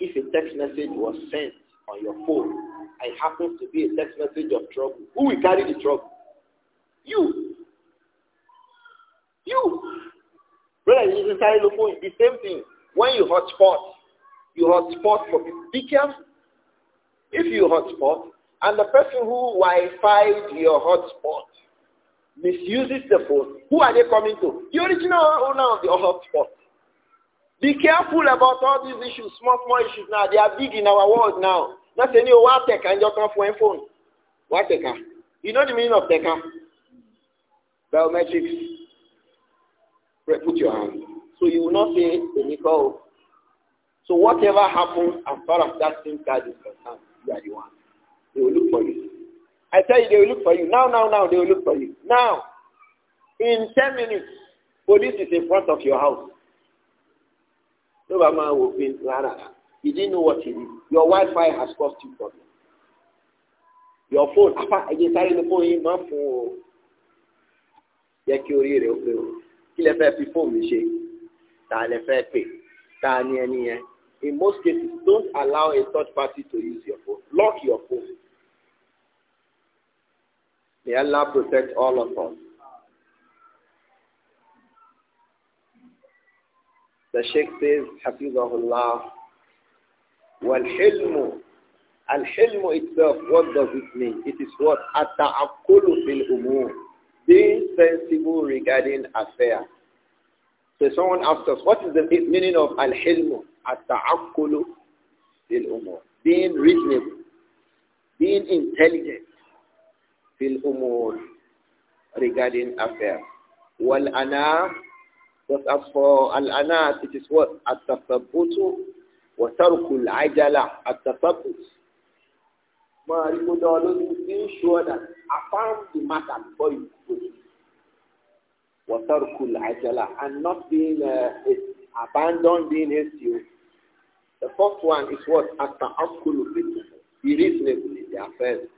If a text message was sent on your phone and it happens to be a text message of trouble, who will carry the trouble? You. You. Brother, you just carry the phone. The same thing. When you hotspot, you hotspot for people. Be careful. If you hotspot, and the person who Wi-Fi your hotspot misuses the phone, who are they coming to? The original owner of the hotspot. Be careful about all these issues, small, small issues now. They are big in our world now. Not any oh, what tech and one phone. What tech? You know the meaning of tech? Biometrics. Put your hand. So you will not say the oh, nickel. So whatever happens as far as that thing card is concerned, you are the one. They will look for you. I tell you, they will look for you. Now, now, now, they will look for you. Now, in 10 minutes, police is in front of your house. tó bá máa wò pé rárá you didn't know what you did your wifi has caused you problem your phone afa ẹ̀jẹ̀ sáré ní fóònù yìí máa fún o yẹ kí orí rẹ̀ ó pé o kí lẹ fẹ́ fi fóònù ṣe tá lẹ fẹ́ pè tá a ẹni yẹn in most cases don't allow a third party to use your phone lock your phone may Allah protect all of us. The Sheikh says, Hafizahullah, Wal-Hilmu. Al-Hilmu itself, what does it mean? It is what? at fil-umur. Being sensible regarding affairs. So someone asks us, what is the meaning of al-hilmu? at fil-umur. Being reasonable. Being intelligent. Fil-umur. Regarding affairs. Wal-ana but as for al-anat, it is what? At-tasabbutu wa tarkul ajala. At-tasabbut. Máa rí kó sure that I found the matter before you proceed. Wa tarkul ajala. And not being uh, abandoned, being hasty. The first one is what? At-ta'akulu Be reasonable in the affairs.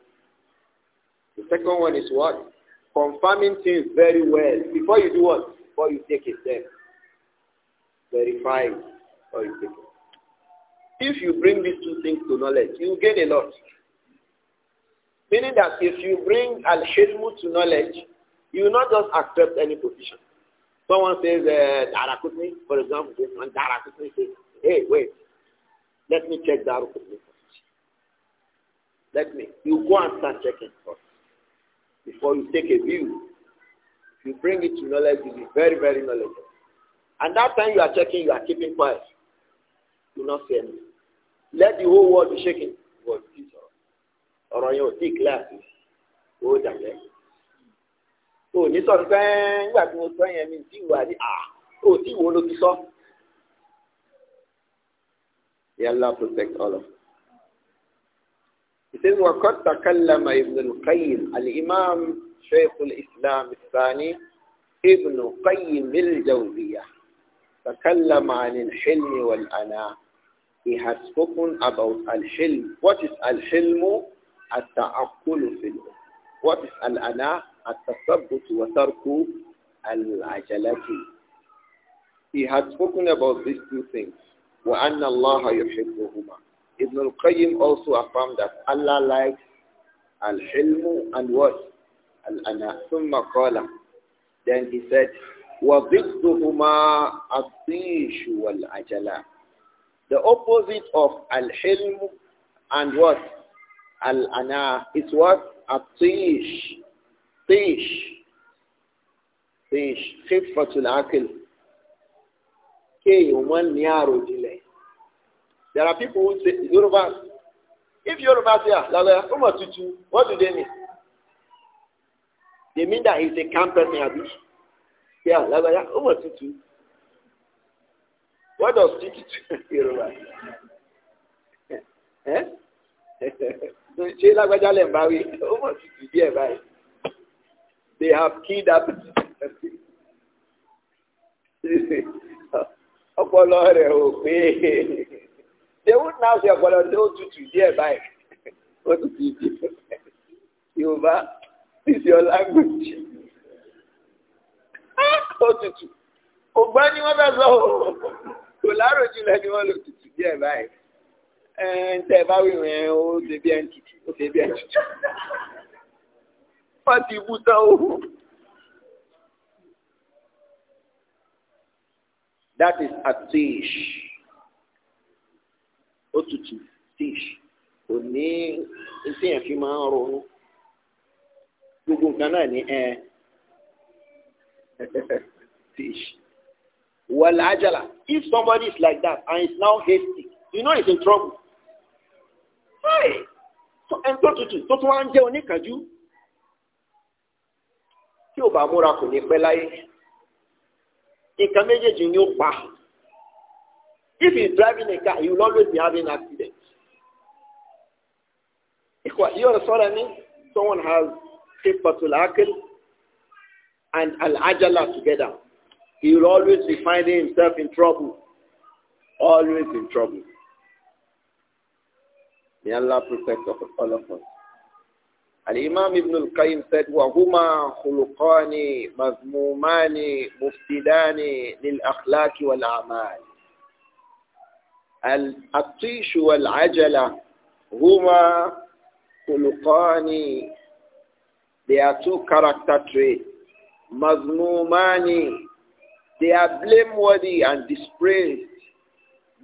The second one is what? Confirming things very well. Before you do what? before you take it then. Verify it before you take it. If you bring these two things to knowledge, you gain a lot. Meaning that if you bring al-hilmu to knowledge, you will not just accept any position. Someone says, uh, for example, this one, Darakutni says, hey, wait, let me check Darakutni Let me. You go and start checking first before you take a view you bring it to knowledge, you be very, very knowledge. And that time you are checking, you are keeping quiet. Do not say anything. Let the whole world be shaking. God, peace or ọ̀rọ̀ yẹn ò tí kíláàsì ó dàgbẹ́. O ní sọ pé nígbà tí mo sọ yẹn mi tí ìwà ní à ó tí ìwọ ló ti sọ. May Allah protect all of us. He says, Ibn al-Qayyim, الْقَيِّمِ Imam. شيخ الإسلام الثاني ابن قيم الجوزية تكلم عن الحلم He has spoken about al-hilm. What is al-hilm? التعقل في الأمور. What is al-ana? التثبت وترك العجلة. He has spoken about these two things. وأن الله يحبهما. Ibn al-Qayyim also affirmed that Allah likes al-hilm and what? Then he said, وَضِدُّهُمَا الطِّيشُ وَالْعَجَلَةُ The opposite of al-hilm and what? Al-ana is what? الطيش طيش طيش خفة العقل كي ومن يارو جلي There are people who say Yoruba. If Yoruba say, ah, Lala, Uma what do they mean? They mean that he's a calm person, Abi. Yeah, Lagaya, Omo Tutu. What does Tutu Yoruba? Eh? Ṣé Lágbájá lè ń bá wí? Omo Tutu díẹ̀ báyìí. They have killed that person. Ọpọlọ rẹ̀ ò pé. They would now say ọpọlọ tó tutù díẹ̀ báyìí. Ó tutù díẹ̀. Yorùbá is your language. Ó tutù. ni wọ́n fẹ́ sọ òòrùn. Kò láròjìnlẹ̀ ni wọ́n lò tutù díẹ̀ báyìí. Ẹn tẹ́ bá wí rẹ̀ ó ṣe bí ẹn tutù. Ó ṣe bí ẹn tutù. Wọ́n ti bú tán òòrùn. That is a Ó tutù tish. Kò ní iṣẹ́ yẹn fi máa ń ronú gbogbo nǹkan náà ní ẹ eh, wàlá àjàlá if somebody is like that and is now hasty you know he is in trouble why ẹni tó tutù tó tún wá ń jẹ́ oníkànjú tí ò bá múra kò ní pẹ́ láyé nǹkan méjèèjì ni ó pa if he is driving a car he will always be having accident. You understand what I Someone has Akil and Al-Ajala together. He will always be finding himself in trouble. Always in trouble. May Allah protect all of us. And imam Ibn al-Qayyim said, وَهُمَا خُلُقَانِ مَذْمُومَانِ مُفْتِدَانِ لِلْأَخْلَاقِ وَالْأَعْمَالِ العطيش والعجلة هما خلقان they are two character traits. Mazmumani. They are blameworthy and disgraced.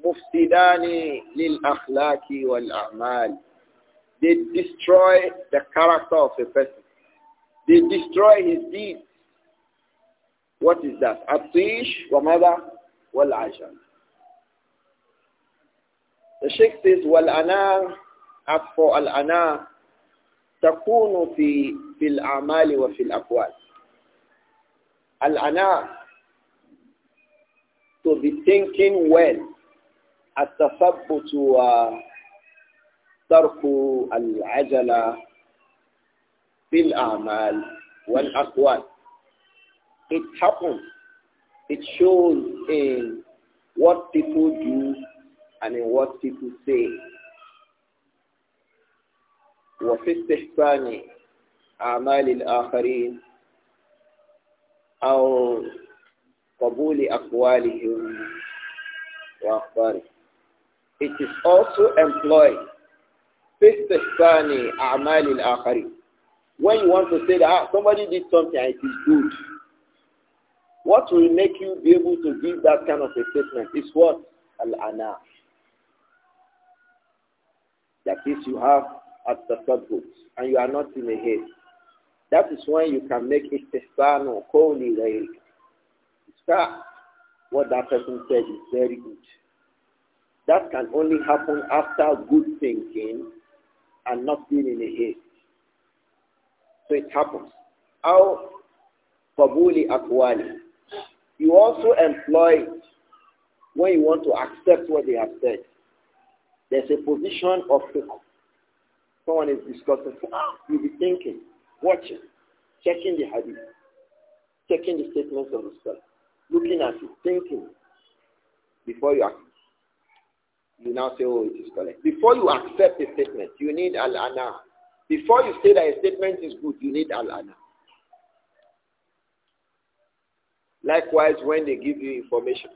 Muftidani lil akhlaqi wal a'mal. They destroy the character of a person. They destroy his deeds. What is that? Atish wa mada wal ajal. The Sheikh says, wal ana as for al ana تكون في في الأعمال وفي الأقوال الاناء to be thinking well التثبت وترك العجلة في الأعمال والأقوال it happens it shows in what people do and in what people say وفي استحسان أعمال الآخرين أو قبول أقوالهم وأخبارهم. It is also employed في استحسان أعمال الآخرين. When you want to say that ah, somebody did something and it is good, what will make you be able to give that kind of a statement is what? Al-ana. That is, you have at the and you are not in a haste. That is when you can make istihsan or qawli like. Start. What that person said is very good. That can only happen after good thinking and not being in a haste. So it happens. How Fabuli Akwali. You also employ when you want to accept what they have said. There's a position of Someone is discussing, ah, you'll be thinking, watching, checking the hadith, checking the statements of the scholar, looking at it, thinking before you act. You now say, oh, it is correct. Before you accept a statement, you need al-ana. Before you say that a statement is good, you need al-ana. Likewise, when they give you information,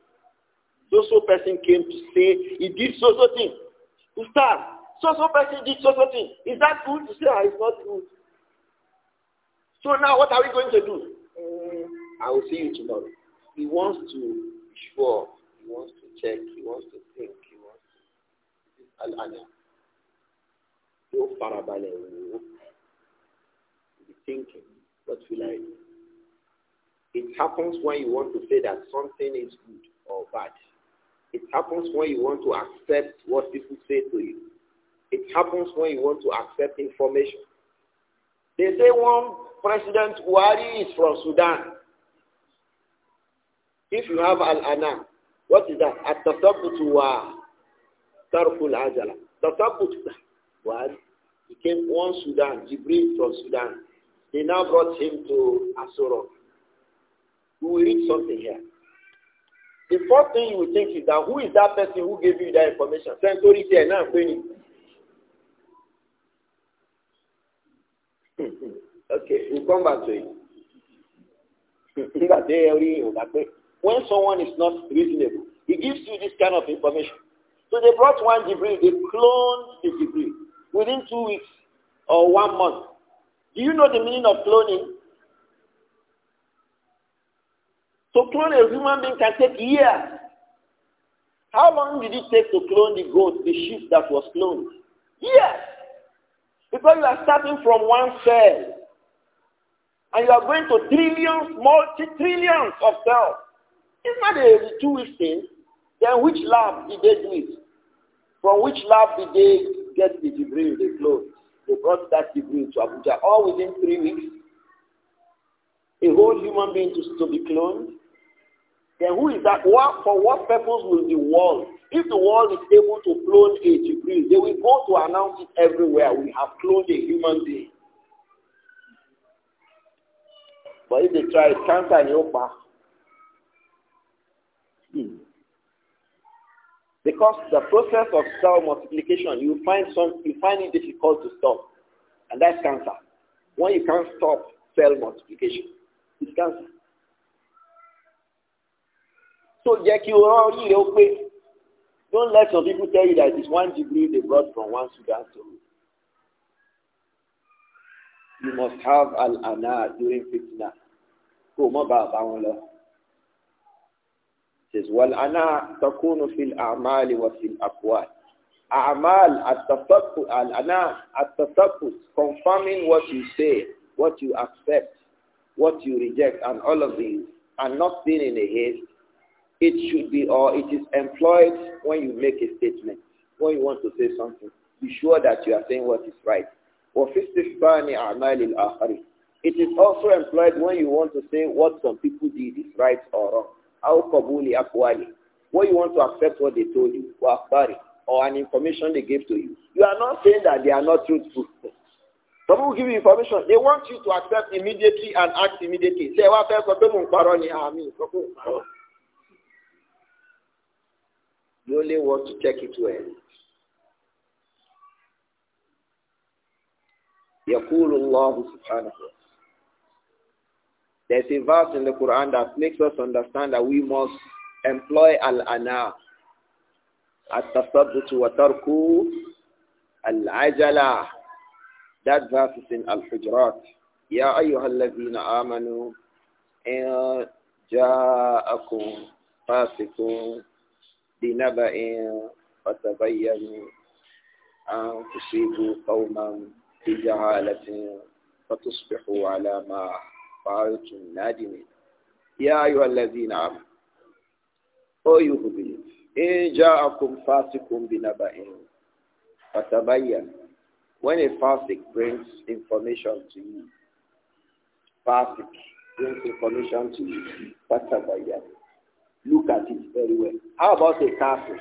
so-so person came to say, he did so-so thing. Ustaz, so so person did so so thing. Is that good? You say, ah, it's not good. So now what are we going to do? Mm, I will see you tomorrow. He wants to be sure. He wants to check. He wants to think. He wants to. Al-Ana. Be thinking. What will I do? It happens when you want to say that something is good or bad. It happens when you want to accept what people say to you. It happens when you want to accept information. They say one President Buhari is from Sudan. If you have al-ana, what is that? At-tasabbutu the top wa tarful ajala. Tasabbutu Buhari. He came one Sudan, Jibril from Sudan. They now brought him to Asoro. We will read something here. The first thing you will think is that who is that person who gave you that information? Sẹ́ńtórí here now. pé ni. come back to it. when someone is not reasonable, he gives you this kind of information. So they brought one degree, they cloned the degree within two weeks or one month. Do you know the meaning of cloning? To clone a human being can take years. How long did it take to clone the goat, the sheep that was cloned? Years. Because you are starting from one cell and you are going to trillions, multi-trillions of cells. It's not a two-week thing. Then which lab did they do it? From which lab did they get the degree, the clothes? They brought that degree to Abuja all within three weeks. A whole human being to, to be cloned. Then who is that? What, for what purpose will the world, if the world is able to clone a degree, they will go to announce it everywhere. We have cloned a human being. But if they try it's cancer ni ó pa. Hmm. Because the process of cell multiplication, you find some, you find it difficult to stop, and that's cancer. When you can't stop cell multiplication, it's cancer. So jẹ́ pé. Don't let some people tell you that it's one degree they brought from one the to you must have al-ana during fitna. Kò mọ́ bá àwọn lọ. Says, wal-ana takunu fil a'mali wa fil aqwal. A'mal at-tafaqqut, al-ana at-tafaqqut, confirming what you say, what you accept, what you reject, and all of these, and not being in a haste. It should be, or it is employed when you make a statement, when you want to say something. Be sure that you are saying what is right. It is also employed when you want to say what some people did is right or wrong. أو قبول it, When you want to accept what they told you وأخبارهم or an information they gave to you. You are not saying that they are not truthful. Some will give you information. They want you to accept immediately and act immediately. Say, what else You only want to check it well. يقول الله سبحانه There's a verse in the Quran that makes us understand that we must employ al-ana, at-tasabbut wa tarku al-ajala. That verse is in Al-Hujurat. يا أيها الذين آمنوا إن جاءكم فاسق بنبأ فتبينوا أن تصيبوا قوما بجهالة فتصبحوا على ما فعلتم نادمين يا أيها الذين آمنوا أو you إن جاءكم فاسق بنبأ فتبين When a fasik brings information to you, fasik brings information to you, fatabayan. Look at it very well. How about a kafir?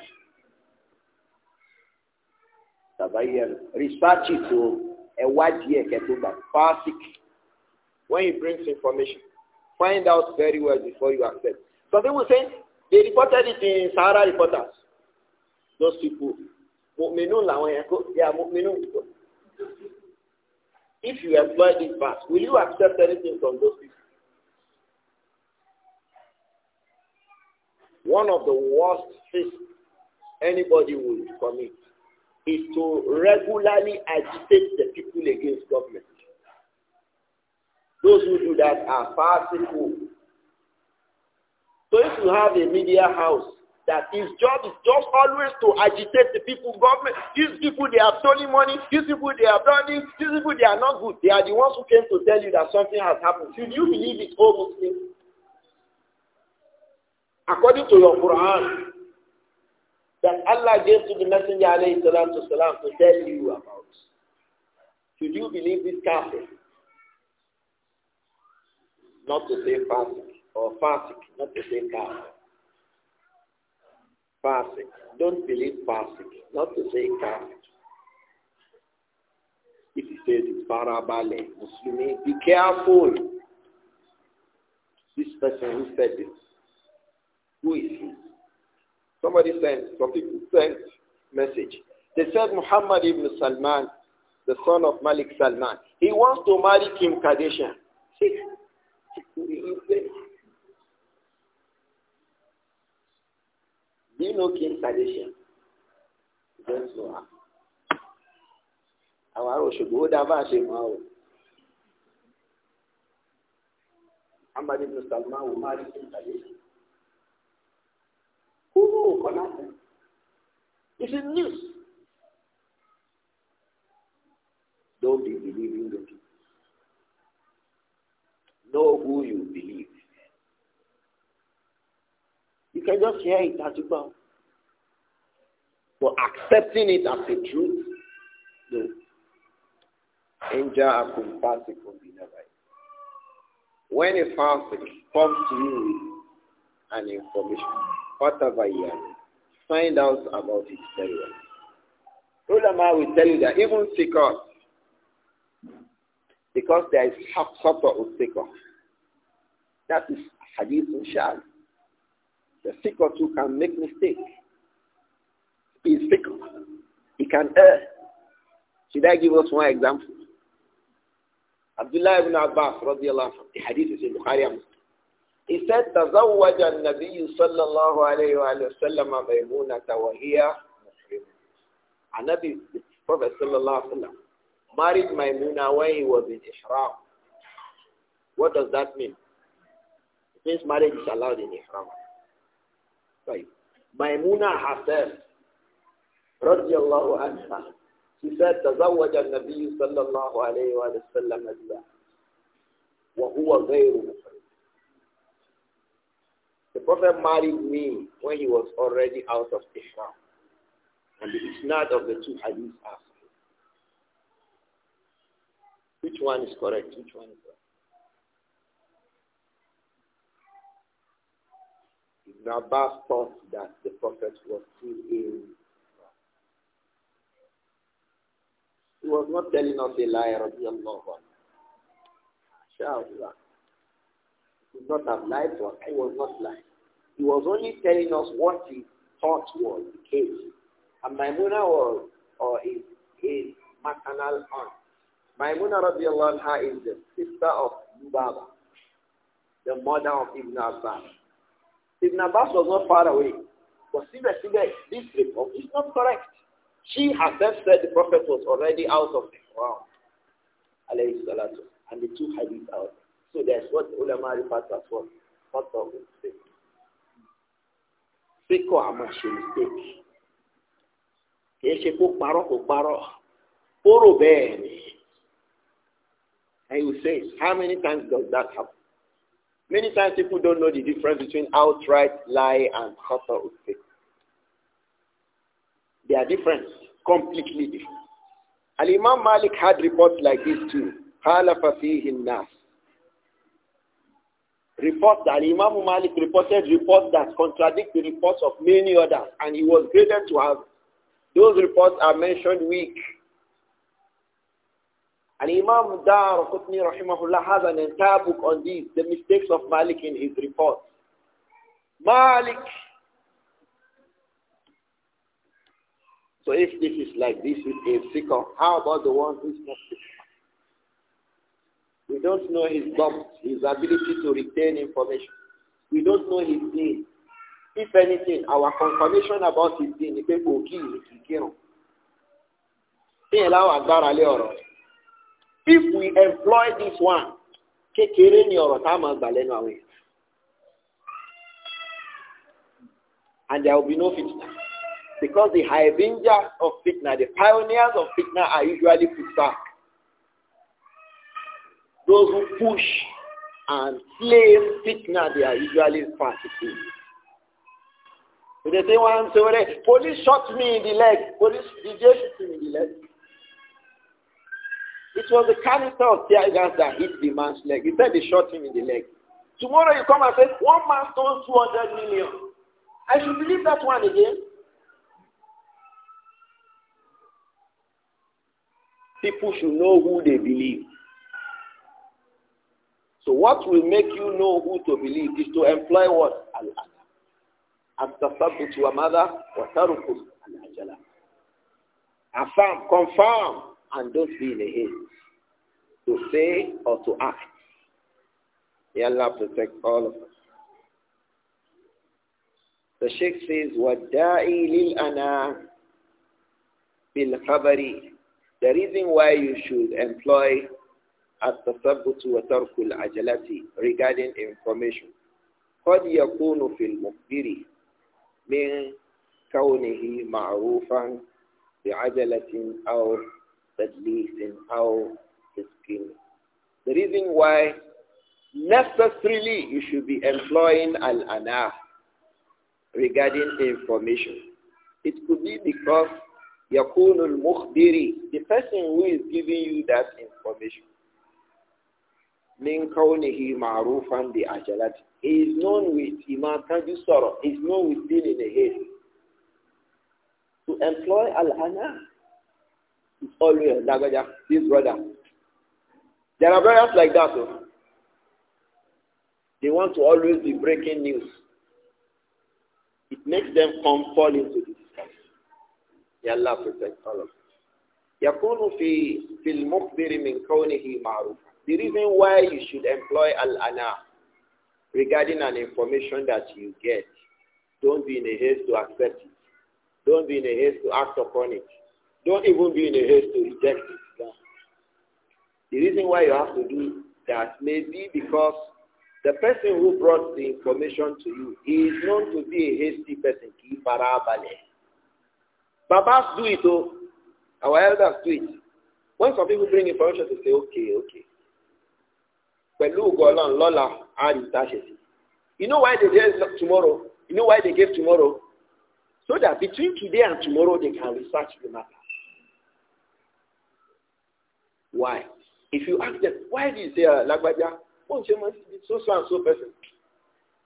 Tabayan. Research it. Oh. ẹ̀wádìí can do gbà Basic. when he brings information find out very well before you accept they will say they reported it in Sahara reporters those people if you employ this verse will you accept anything from those people. One of the worst sins anybody would commit is to regularly agitate the people against government. Those who do that are far simple. So if you have a media house that his job is just always to agitate the people, government, these people they are stealing money, these people they are burning, these people they are not good. They are the ones who came to tell you that something has happened. Should you believe it, all According to your Quran, that Allah gave to the Messenger alayhi salatu salam to tell you about. Should you believe this kafir? Not to say fasik or fasik, not to say kafir. Fasik. Don't believe fasik, not to say kafir. If you say it's parabale, Muslim, be careful. This person who said this, who is he? Somebody sent, some people sent message. They said Muhammad ibn Salman, the son of Malik Salman, he wants to marry Kim Kardashian. Do you know Kim Kardashian? Don't know her. Àwọn ará òṣogbo ó dábàá ṣe mọ́ o. Muhammad ibn Salman will marry Kim Kardashian. Who will collapse? This is news. Don't be believing the truth. Know who you believe. You can just hear it as you go. But accepting it as a truth, the no. Inja'akum fasikum binabai. When a fasik comes to you and information, Whatever are, Find out about it very well. Ulama will tell you that even Sikot, because there is is Hafsata of Sikot. That is Hadith Shad. The seeker who can make mistake. He is Sikot. He can err. Should I give us one example? Abdullah ibn Abbas, radiallahu anhu, the hadith is in Bukhari and he said, تزوج النبي صلى الله عليه وآله وسلم ميمونة وهي Anabi, the Prophet sallallahu alaihi married Maimuna when he was in Ihram. What does that mean? It means marriage is allowed in Ihram. Right. Maimuna herself, radiallahu anha, she said, تزوج النبي صلى الله عليه وسلم وهو غير مفرد. Prophet married me when he was already out of Islam. And the not of the two hadiths are Which one is correct? Which one is right? Ibn Abbas thought that the Prophet was still in He was not telling us a lie, radiallahu anhu. Inshallah. He would not have lied to us. He was not lying. He was only telling us what he thought was the case. And Maimuna was, or is his maternal aunt. Maimuna radiallahu anha is the sister of Lubaba, the mother of Ibn Abbas. Ibn Abbas was not far away. But Sibet this report is not correct. She herself said the Prophet was already out of the ground. Alayhi salatu. And the two hadith out. So that's what ulama refers as what? Fatah of the síkọ̀ àmọ́ ṣe mistake kì í ṣe kó parọ́ kó parọ́ ó bẹ́ẹ̀ ni and you say how many times does that happen many times people don't know the difference between outright lie and kọ́tọ̀ òfin they are different completely different. Al-Imam Malik had reports like this too. خالف فيه الناس reports that Imam Malik reported reports that contradict the reports of many others, and he was graded to have those reports are mentioned weak. And Imam Dar Qutni rahimahullah has an entire book on these, the mistakes of Malik in his reports. Malik. So if this is like this is a seeker, how about the one who is not sick? We don't know his bump, his ability to retain information. We don't know his deen. If anything, our confirmation about his deen ni pé kò kí ìrìkì kírun. Ní ẹ̀ láwọn agbára lé ọ̀rọ̀ If we employ this one, kékeré ni ọ̀rọ̀ tá a máa gbà lẹ́nu àwọn èèyàn. And there will be no fitna. Because the hybinjas of fitna, the pioneers of fitna are usually fitna. Those who push and claim fitna, they are usually participants. So they say one say, well, police shot me in the leg. Police, did you shoot me in the leg? It was the canister of tear gas that hit the man's leg. He said they shot him in the leg. Tomorrow you come and say, one man stole 200 million. I should believe that one again. People should know who they believe. So what will make you know who to believe is to employ what? Allah. mother, وماذا and Angela, Affirm, confirm, and don't be in a haste to say or to act. May Allah protect all of us. The Sheikh says, وَالدَّاعِي لِلْأَنَا بِالْخَبَرِ The reason why you should employ التثبت وترك العجلة regarding information قد يكون في المخبر من كونه معروفا بعجلة أو تدليس أو فسق The reason why necessarily you should be employing al-anah regarding information. It could be because يكون المخبر the person who is giving you that information min kawnihi ma'rufan bi ajalati. He is known with Imam Tanju Soro. He is known with being in a haste. To employ Al-Hana is always Nagaja, this brother. There are brothers like that. Though. They want to always be breaking news. It makes them come fall into this. May Allah protect all of us. يكون في في المخبر من كونه معروفا the reason why you should employ al-ana regarding an information that you get, don't be in a haste to accept it. Don't be in a haste to act upon it. Don't even be in a haste to reject it. The reason why you have to do that may be because the person who brought the information to you is known to be a hasty person. Babas do it, though. Our elders do it. When some people bring information, they say, okay, okay pẹ̀lú ògùn ọlọ́run rí tá a ri si you know why they gave tomorrow you know why they gave tomorrow so that between today and tomorrow they can research the matter why if you ask them why do you say uh, lagbaja wọ́n ṣe must be so so and so person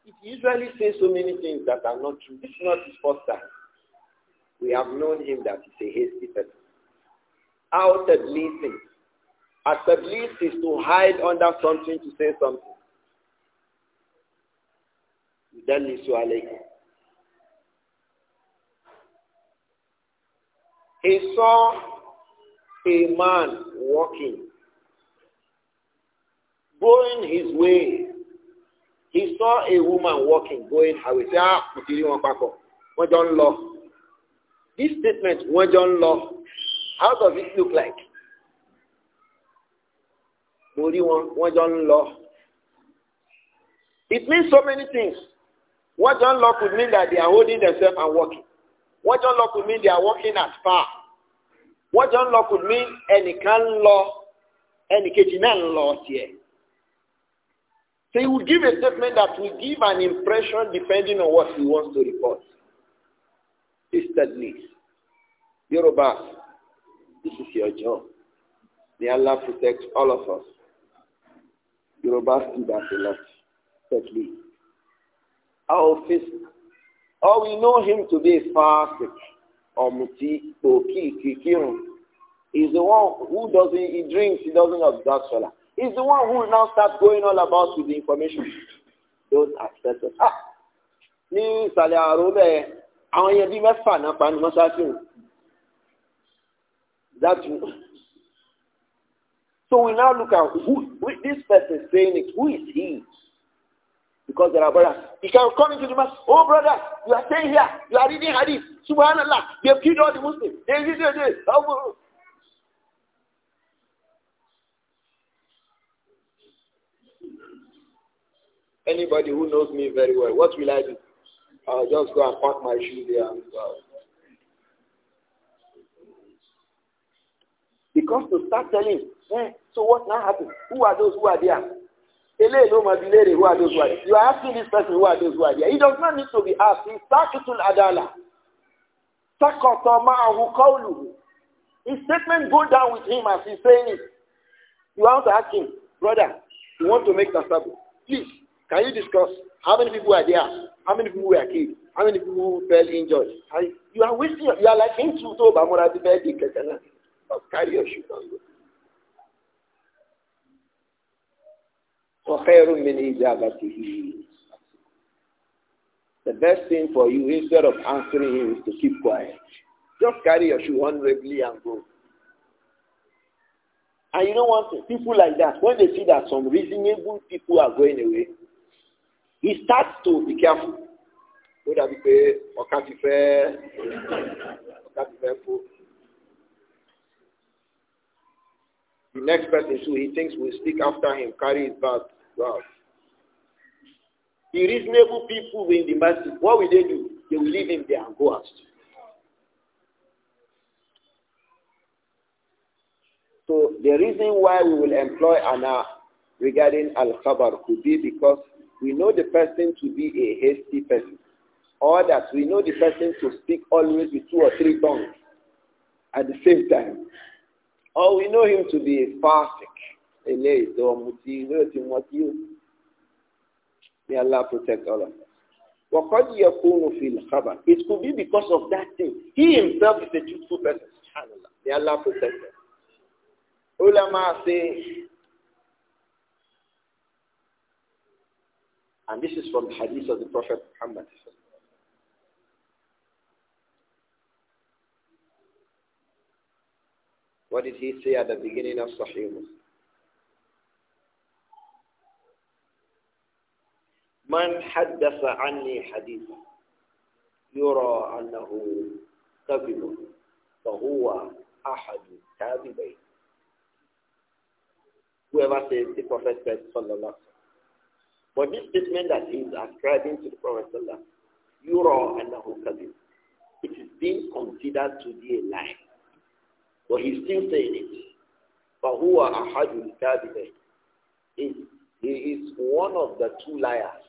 it usually says so many things that are not true this is not his first time we have known him that he's a hasty person outwardly things at least is to hide under something to say something. Yudallisu alayka. He saw a man walking, going his way. He saw a woman walking, going her way. Say, ah, Mutiri Wampako, Wajon Law. This statement, John Law, how does it look like? torí wọn wọ́n jọ ń lọ. It means so many things. Wọ́n jọ ń lọ could mean that they are holding themselves and working. Wọ́n jọ ń lọ could mean they are working as far. Wọ́n jọ ń lọ could mean ẹnìkan ń lọ ẹnìkejì náà ń lọ tiẹ̀. So he would give a statement that will give an impression depending on what he wants to report. least, Yoruba, this is your job. May Allah protect all of us. Yorubas do that a lot, certainly. Our fist. Or we know him to be a fasik, or muti, boki, kikirun. He's the one who doesn't, he drinks, he doesn't observe Salah. He's the one who will now start going all about with the information. Those aspects. it. Ah! ni ìsàlẹ̀ àrò bẹ́ẹ̀, àwọn yẹn bí mẹ́fà pa ní mọ́ṣáláṣí. That's So we now look at who, who this person is saying it. Who is he? Because there are brothers. He can come into the mosque. Oh, brother, you are staying here. You are reading hadith. Subhanallah. They have killed all the Muslims. They did this. Anybody who knows me very well, what will I do? I'll just go and pack my shoes there and go. Because to start telling Eh, so what now happened? Who are those who are there? Who are those who are there? You are asking this person who are those who are there. He does not need to be asked. He's Sakitul Adala. His statement go down with him as he's saying it. You want to ask him, brother, you want to make trouble? Please, can you discuss how many people are there? How many people were killed? How many people fell injured? you are wasting, you are like into Bamura Carry your shoes مِنْ إِجَابَتِهِ The best thing for you, instead of answering him, is to keep quiet. Just carry your shoe honorably and go. And you don't want to, people like that, when they see that some reasonable people are going away, he starts to be careful. Ó can pé ọ̀ká ti fẹ́ ọ̀ká ti fẹ́ fò. The next person, so he thinks will speak after him, carry his bag. Wow. The reasonable people in the masjid, what will they do? They will leave him there and go out. So the reason why we will employ Ana regarding Al-Khabar could be because we know the person to be a hasty person. Or that we know the person to speak always with two or three tongues at the same time. Or we know him to be a fast eléyìí tó ọmọtí yóò ti mọ tí yóò may Allah protect all of us. وقد يكون في الخبر it could be because of that thing he himself is a truthful person subhanallah may Allah protect us. ulama say and this is from the hadith of the Prophet Muhammad what did he say at the beginning of Sahih Muslim من حدث عني حديثا يرى أنه كذب فهو أحد كاذبين whoever says the Prophet said sallallahu But this statement that he is ascribing to the Prophet sallallahu yura annahu kadhib. It is being considered to be a lie. But he's still saying it. فَهُوَ أَحَدُ الْكَاذِبَيْنِ He is one of the two liars.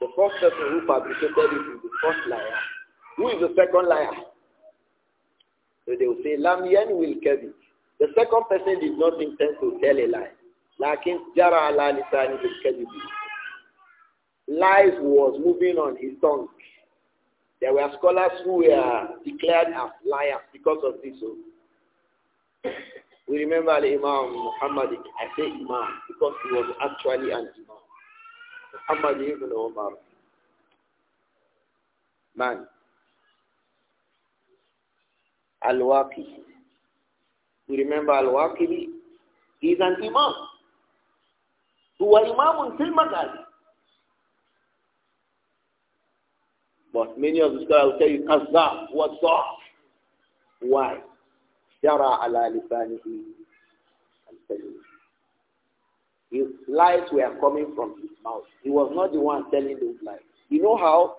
The first person who fabricated it is the first liar. Who is the second liar? So they will say, Lam yan will it. The second person did not intend to tell a lie. Lakin jara ala lisani it. Lies was moving on his tongue. There were scholars who were declared as liars because of this. Oh. We remember the Imam Muhammad, I say Imam because he was actually an Imam. محمد بن عمر من الواقي you remember الواقي he's an imam هو imam في المجال but many of the scholars will tell you كذاب هو صعب why جرى على لسانه الكلمه His lies were coming from his mouth. He was not the one telling those lies. You know how?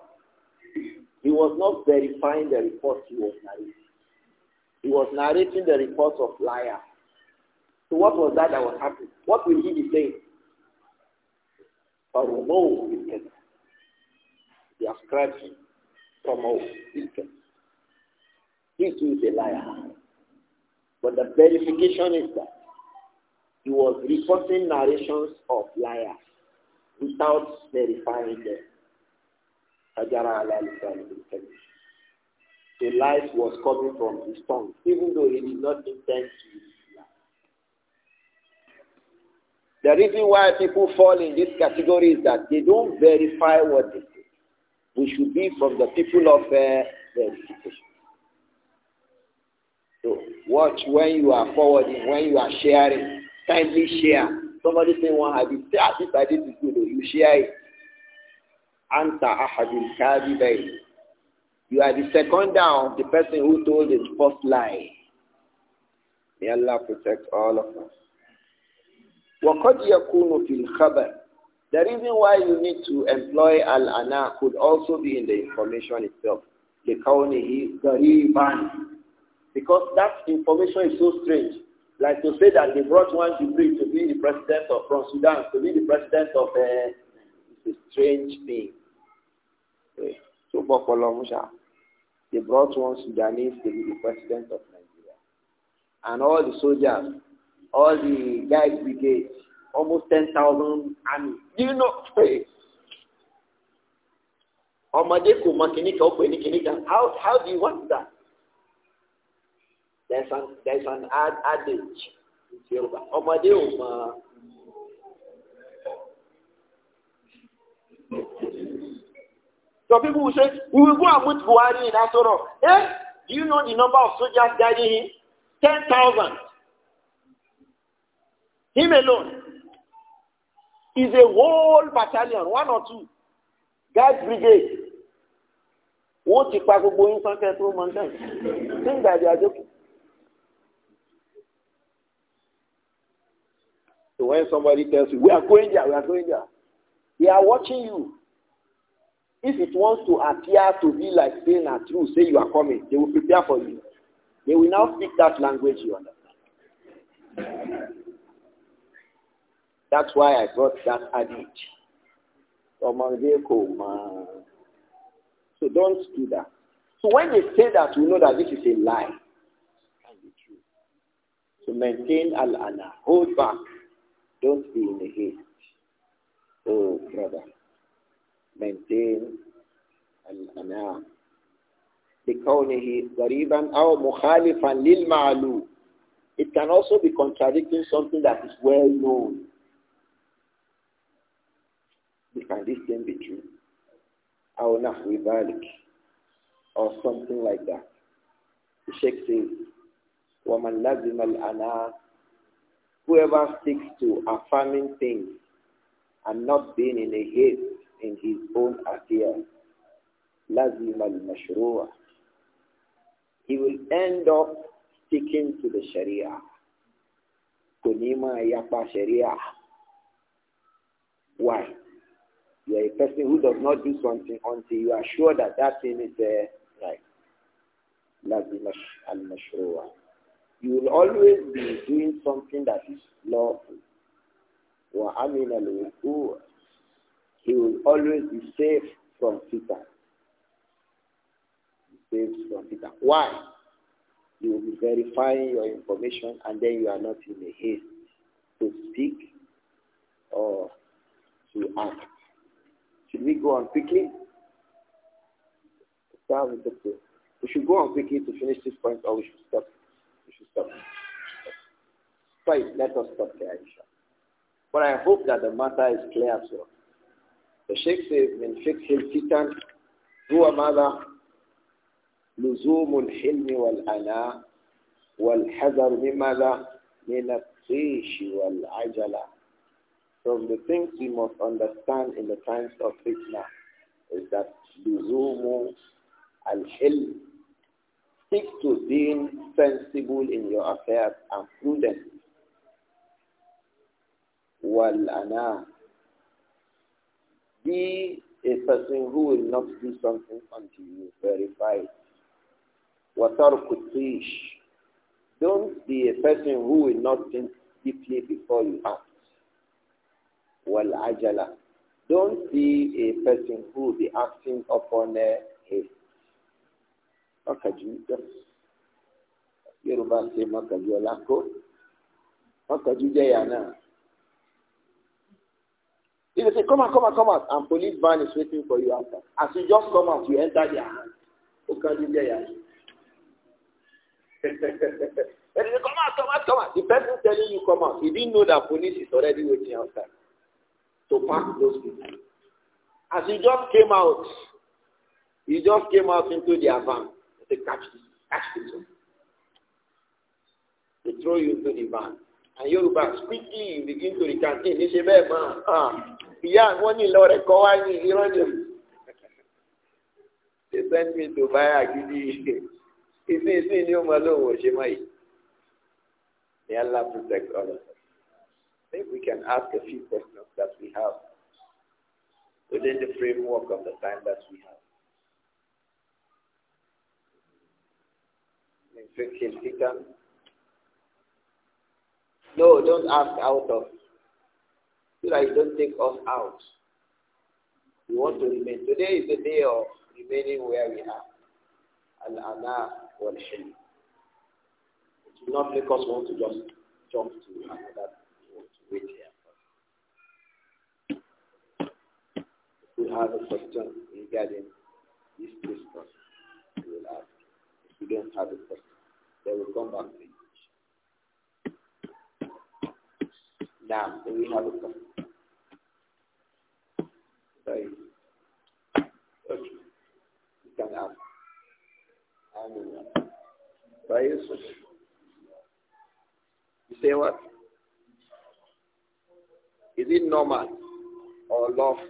He was not verifying the reports he was narrating. He was narrating the reports of liars. So what was that that was happening? What will he be saying? Farumo Bilkeda. he ascribed him. all Bilkeda. He too is a liar. But the verification is that he was reporting narrations of liars without verifying them. The lies was coming from his tongue, even though he did not intend to lie. The reason why people fall in this category is that they don't verify what they say. We should be from the people of uh, verification. So watch when you are forwarding, when you are sharing. Kindly share. Somebody say one hadith. Say, ah, this did is oh. You share it. Anta ahadul kadibay. You are the second down, the person who told his first lie. May Allah protect all of us. وَقَدْ يَكُونُ فِي الْخَبَرِ The reason why you need to employ al-ana could also be in the information itself. لِكَوْنِهِ غَرِيبًا Because that information is so strange. Like to say that they brought one Jibril to be the president of, from Sudan, to be the president of a, eh, a strange thing. Eh, so, they brought one Sudanese to be the president of Nigeria. And all the soldiers, all the guys brigades, almost 10,000 army. You know, hey, how how do you want that there's an there's an ad, adage Yorùbá ọmọdé ò mọ some people will say we will go and put Buhari in Asoro eh do you know the number of soldiers guiding him ten thousand him alone is a whole battalion one or two guard brigade wọ́n ti pa gbogbo yín sáńkẹ́ tó mọ̀ nígbà tí a jókòó. when somebody tells you, we are going there, we are going there, they are watching you. If it wants to appear to be like saying a true, say you are coming, they will prepare for you. They will now speak that language you understand. That's why I got that adage. So don't do that. So when they say that, we know that this is a lie. So maintain al Hold back. Don't be in a haste. Oh, brother, maintain الأنام بكونه قريبا أو lil للمعلوم It can also be contradicting something that is well known. Can this thing be true? أو or something like that. The Sheikh says, وَمَنْ لَزِمَ الْأَنَا Whoever sticks to affirming things and not being in a haste in his own affairs, lazim al-mashrua. He will end up sticking to the Sharia. Kunima yapa Sharia. Why? You are a person who does not do something until you are sure that that thing is uh, right. Lazim al-mashrua. You will always be doing something that is lawful. وَعَمِنَ He will always be safe from fitan. Safe from fitan. Why? You will be verifying your information and then you are not in a haste to speak or to act. Should we go on quickly? We should go on quickly to finish this point or we should stop stop. Fine, let us stop there, Aisha. But I hope that the matter is clear as well. The Sheikh says, من فقه الفتن هو ماذا؟ لزوم الحلم والأناء والحذر من ماذا؟ من الطيش والعجلة. From the things we must understand in the times of fitna is that al-Hilm. Stick to being sensible in your affairs and prudent. Walana. Be a person who will not do something until you verify it. Watarkutish. Don't be a person who will not think deeply before you act. Walajala. Don't be a person who will be acting upon a haste. Ọkàjú Yorùbá ṣe mọ́kàjú ọlá kó mọ́kàjú jẹ́yà náà. If you say, come out, come out, come out, and police van is waiting for you outside. As you just come out, you enter their hand. Ọkàjú jẹ́yà. If you come out, come out, come out, the person telling you come out, he didn't know that police is already waiting outside to pack those people. As he just came out, he just came out into their van. They catch you, catch you, They throw you into the van. And you're back quickly you begin to recant. Hey, this is bad man. Ah, yeah, one in Lord, call me, you know them. They sent me to buy a giddy. He says, see, you know, Shemai. May Allah protect all of us. Maybe we can ask a few questions that we have within the framework of the time that we have. No, don't ask out of. So that you don't take us out. We want to remain. Today is the day of remaining where we are. Al-Ana wal-Hilm. Do not make us want to just jump to another To wait here. We have a question regarding this discussion. We will ask. If you don't have a question, they will come back to Now, do we have a question? Sorry. Okay. You can ask. Hallelujah. You say what? Is it normal or lawful?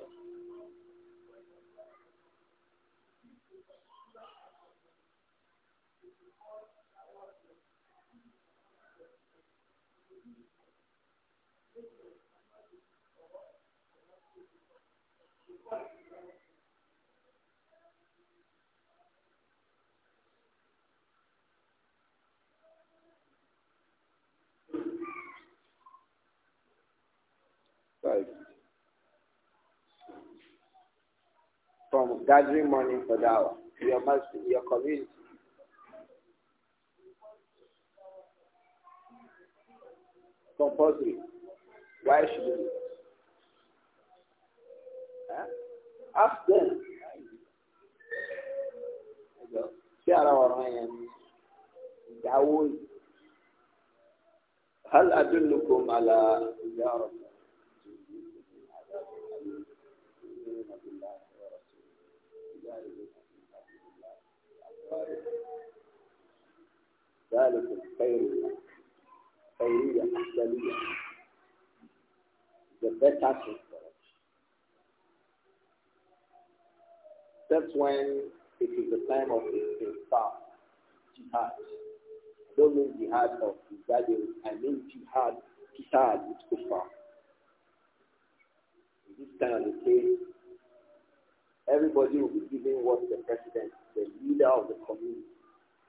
from gathering money for dawah, your masjid, your community. Compulsory. Why should it? Huh? Ask them. Ṣé ara ọ̀rọ̀ yẹn ìdáwó yìí? هل أدلكم على زيارة ذلك الخير خيرية أحسنية the better thing That's when it is the time of istighfar, jihad. I don't mean jihad of rebellion, I mean jihad, jihad with kufar. In this kind of case, everybody will be giving what the president, the leader of the community,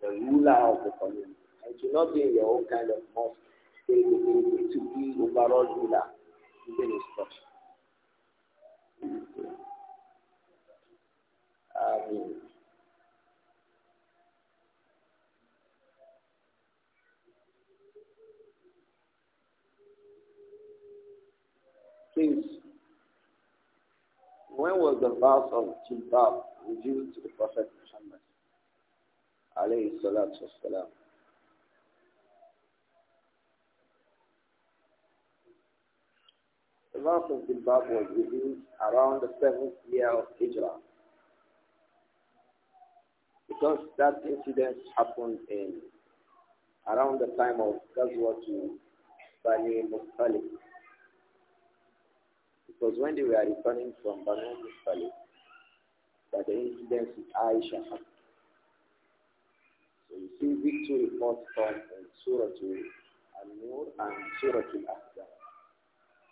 the ruler of the community. And to not be in your own kind of mosque. to be overall ruler, given instruction. Um, please when was the vows of Jilbab revealed to the Prophet Muhammad? Alayhi salatu wasalam. The vows of Jilbab was revealed around the seventh year of Hijrah. Because that incident happened in around the time of Ghazwa to Bani Muttalib. Because when they were returning from Banu Valley, that the incident with Aisha happened. So you see these two reports come in Surah Al-Nur and Surah Al-Ahzab.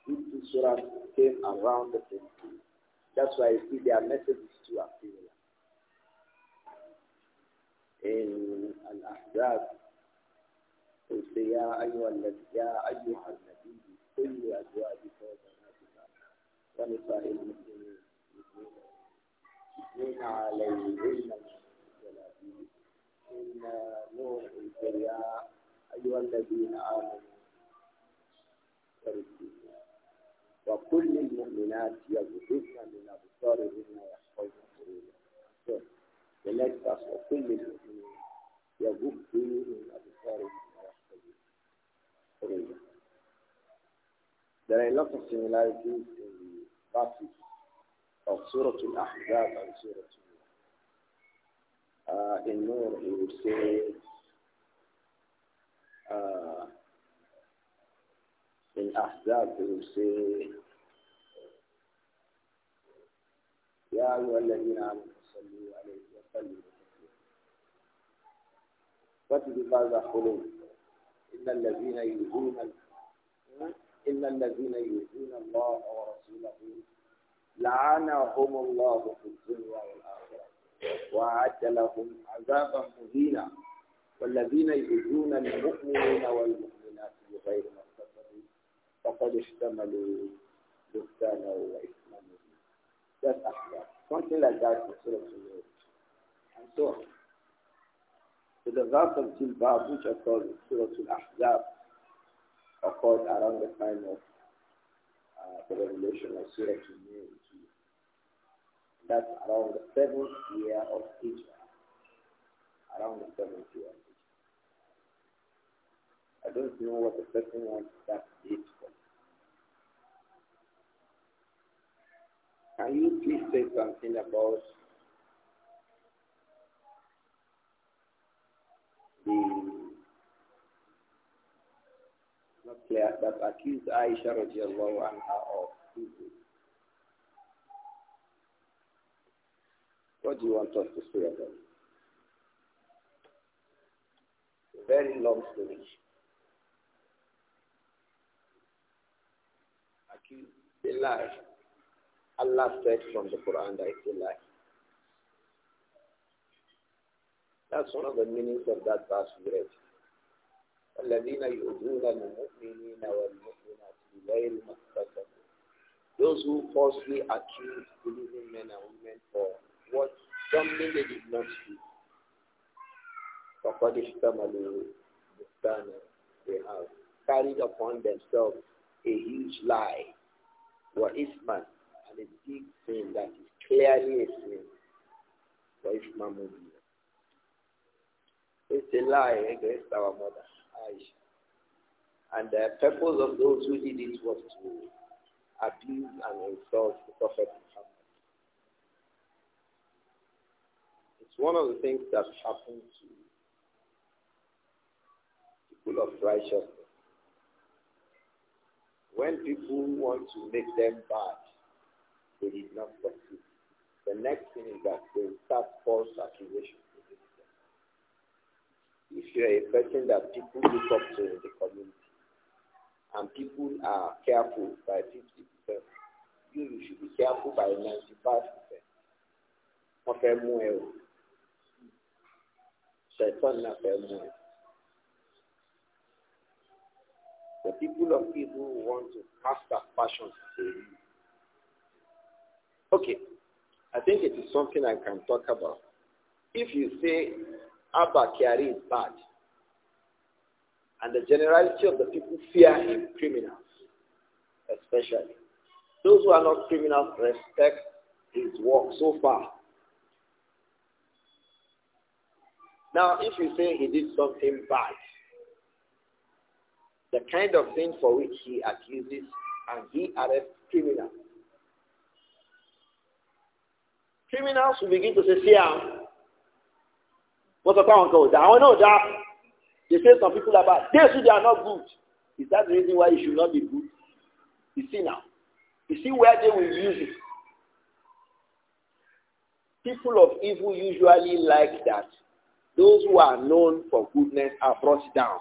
These two surahs came around the same time. That's why you see their messages too are similar. In Al-Ahzab, they say, يا أيها النبي قل ونساء المسلمين يثنين عليهن جلابيب إن نور يا أيها الذين آمنوا وكل المؤمنات يغضبن من أبصارهن ويحفظن فروجهن ولكن وكل المؤمنين يغضبن من أبصارهن ويحفظن فروجهن There are a lot of similarities in باتي سورة الأحزاب عن سورة آه النور يرسل آه الأحزاب يرسل يا أيها الذين آمنوا صلوا عليه وسلم فتلك هذا حلول إن الذين يؤمنون إلا الذين يؤذون الله ورسوله لعنهم الله في الدنيا والآخرة وأعد لهم عذابا مهينا والذين يؤذون المؤمنين والمؤمنات بغير ما اكتسبوا فقد احتملوا بهتانا وإثما That's Akbar. Something like that is sort of And so, so the verse of Jilbab, which I call Surah Al-Ahzab, occurred around the time of uh, the revelation of Surah to That's around the seventh year of Hijrah. Around the seventh year of Hijrah. I don't know what the second one. that date for. Can you please say something about the not clear, that accused Aisha radiallahu anha of evil. What do you want us to say about it? Very long story. Accused a lie. Allah said from the Quran that it's a lie. That's one of the meanings of that verse we read. الذين يؤذون المؤمنين والمؤمنات بغير ما Those who falsely accuse believing men and women for what something they did not do. فقد احتملوا They have carried upon themselves a huge lie. man and a big sin that is clearly a sin. would مبين. It's a lie against our mother. And the purpose of those who did it was to abuse and insult the Prophet Muhammad. It's one of the things that happened to people of righteousness. When people want to make them bad, they did not succeed. The next thing is that they start false accusations. If you are a person that people look up to in the community and people are careful by 50%, you should be careful by 95%. Wọ́n Of mú ẹ o. Ṣẹ̀tọ́n náà The people of people who want to pass that passion to you. Okay, I think it is something I can talk about. If you say Abba Kyari is bad. And the generality of the people fear him, criminals especially. Those who are not criminals respect his work so far. Now, if you say he did something bad, the kind of thing for which he accuses and he arrests criminals. Criminals will begin to say, see, what sọ pé àwọn kan ò dá àwọn they say some people are bad they say they are not good is that the reason why you should not be good you see now you see where they will use it people of evil usually like that those who are known for goodness are brought down.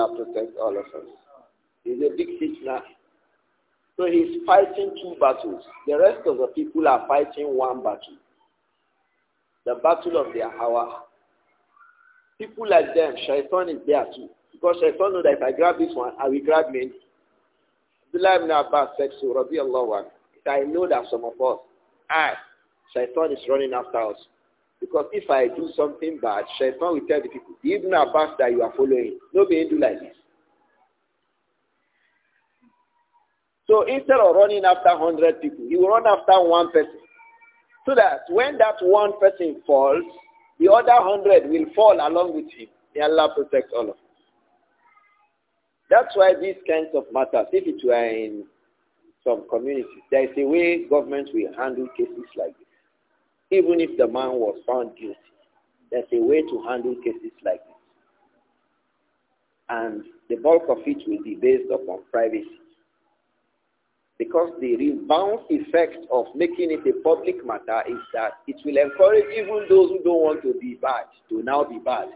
love to protect all of us. He's a big now. So he's fighting two battles. The rest of the people are fighting one battle the battle of their hour. People like them, Shaitan is there too. Because Shaitan knows that if I grab this one, I will grab many. Abdullah ibn Abbas said to Rabbi Allah, I know that some of us, I, Shaitan is running after us. Because if I do something bad, Shaitan will tell the people, the Ibn Abbas that you are following, nobody do like this. So instead of running after 100 people, he will run after one person. So that when that one person falls, the other hundred will fall along with him. May Allah protect all of us. That's why these kinds of matters, if it were in some communities, there is a way government will handle cases like this. Even if the man was found guilty, there's a way to handle cases like this. And the bulk of it will be based upon privacy. Because the rebound effect of making it a public matter is that it will encourage even those who don't want to be bad to now be bad.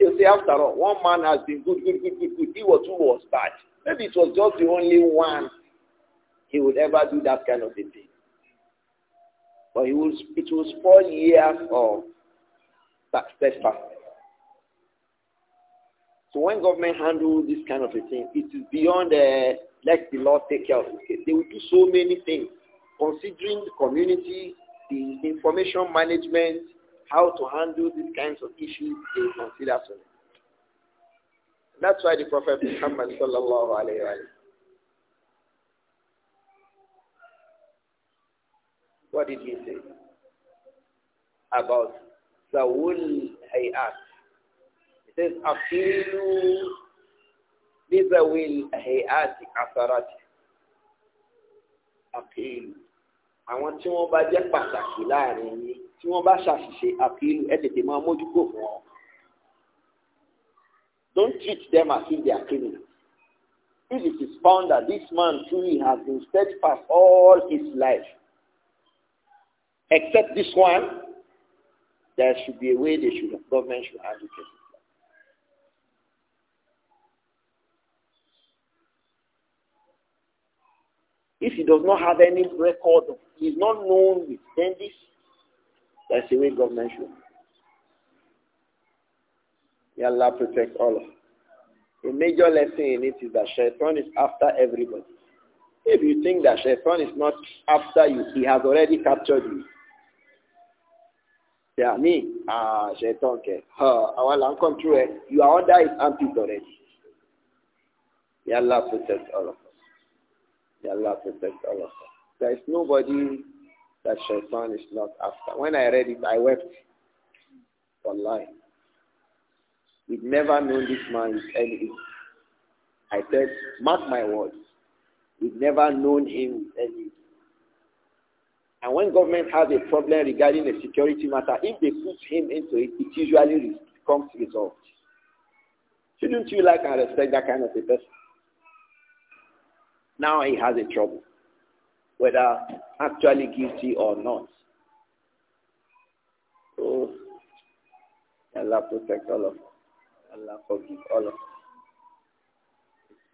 They'll say, after all, one man has been good, good, good, good, good. He was who was bad. Maybe it was just the only one he would ever do that kind of a thing. But he will, it will spoil years of steadfastness. So when government handles this kind of a thing, it is beyond the uh, let the Lord take care of this case. They will do so many things, considering the community, the information management, how to handle these kinds of issues, they consider so. That's why the Prophet Muhammad sallallahu alayhi wa What did he say? About Zawul Hayat. He says, Afilu لذوي الهيئات عثرات àkìlù àwọn tí wọ́n bá jẹ́ pàtàkì láàrin yín tí wọ́n bá ṣàṣìṣe àkìlù ẹ tètè máa mójúkò fún ọ don't treat them as if they are criminals if it is found that this man truly has been steadfast all his life except this one there should be a way they should government should handle If he does not have any record, he is not known with, then this, that's the way government should. May Allah protect allah. The major lesson in it is that Shaitan is after everybody. If you think that Shaitan is not after you, he has already captured you. Yeah, me, ah, Shaitan, okay. Our land control, you are under his armpit already. May Allah protect allah. May Allah protect all of us. There is nobody that shaitan is not after. When I read it, I wept. Wallahi. We've never known this man is I said, mark my words. We've never known him any And when government has a problem regarding a security matter, if they put him into it, it usually comes resolved. Shouldn't you like and respect that kind of a person? Now he has a trouble, whether actually guilty or not. So Allah protect all of us. Allah forgive all of us.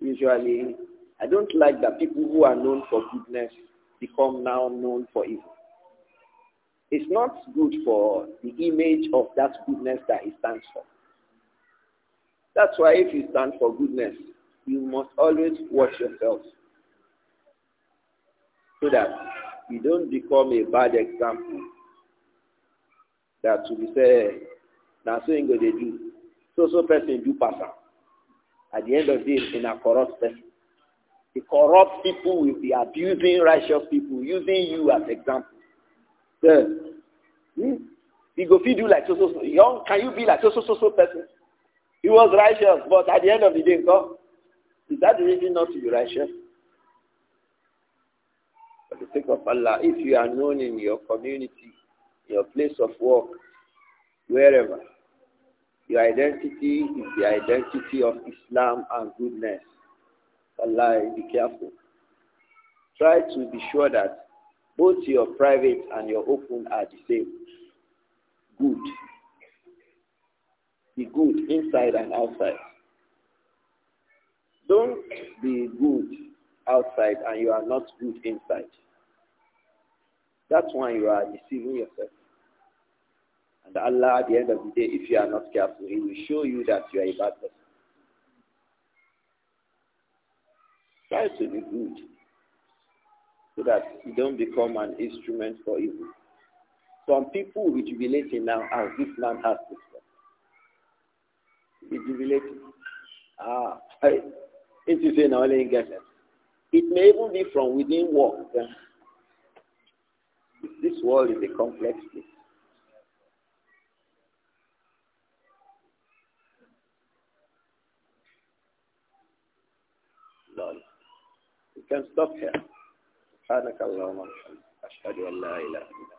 Usually, I don't like that people who are known for goodness become now known for evil. It's not good for the image of that goodness that he stands for. That's why if you stand for goodness, you must always watch yourself. so that we don't become a bad example that to be said na so him go dey do so so person do pass am at the end of the day na corrupt person the corrupt people will be abusing righteous people using you as example then hmm, you go fit do like so so so young can you be like so so so so person he was righteous but at the end of the day nko is that the reason not to be righteous sake of Allah, if you are known in your community, your place of work, wherever, your identity is the identity of Islam and goodness. Allah, be careful. Try to be sure that both your private and your open are the same. Good. Be good inside and outside. Don't be good outside and you are not good inside. That's why you are deceiving yourself. And Allah, at the end of the day, if you are not careful, He will show you that you are a bad person. Try to be good so that you don't become an instrument for evil. Some people will be now as ah, this man has this one. Be jubilating. Ah, it is an only engagement. It may even be from within work. This world is a complex place. We can stop here. سبحانك اللهم وبحمدك أشهد أن لا إله إلا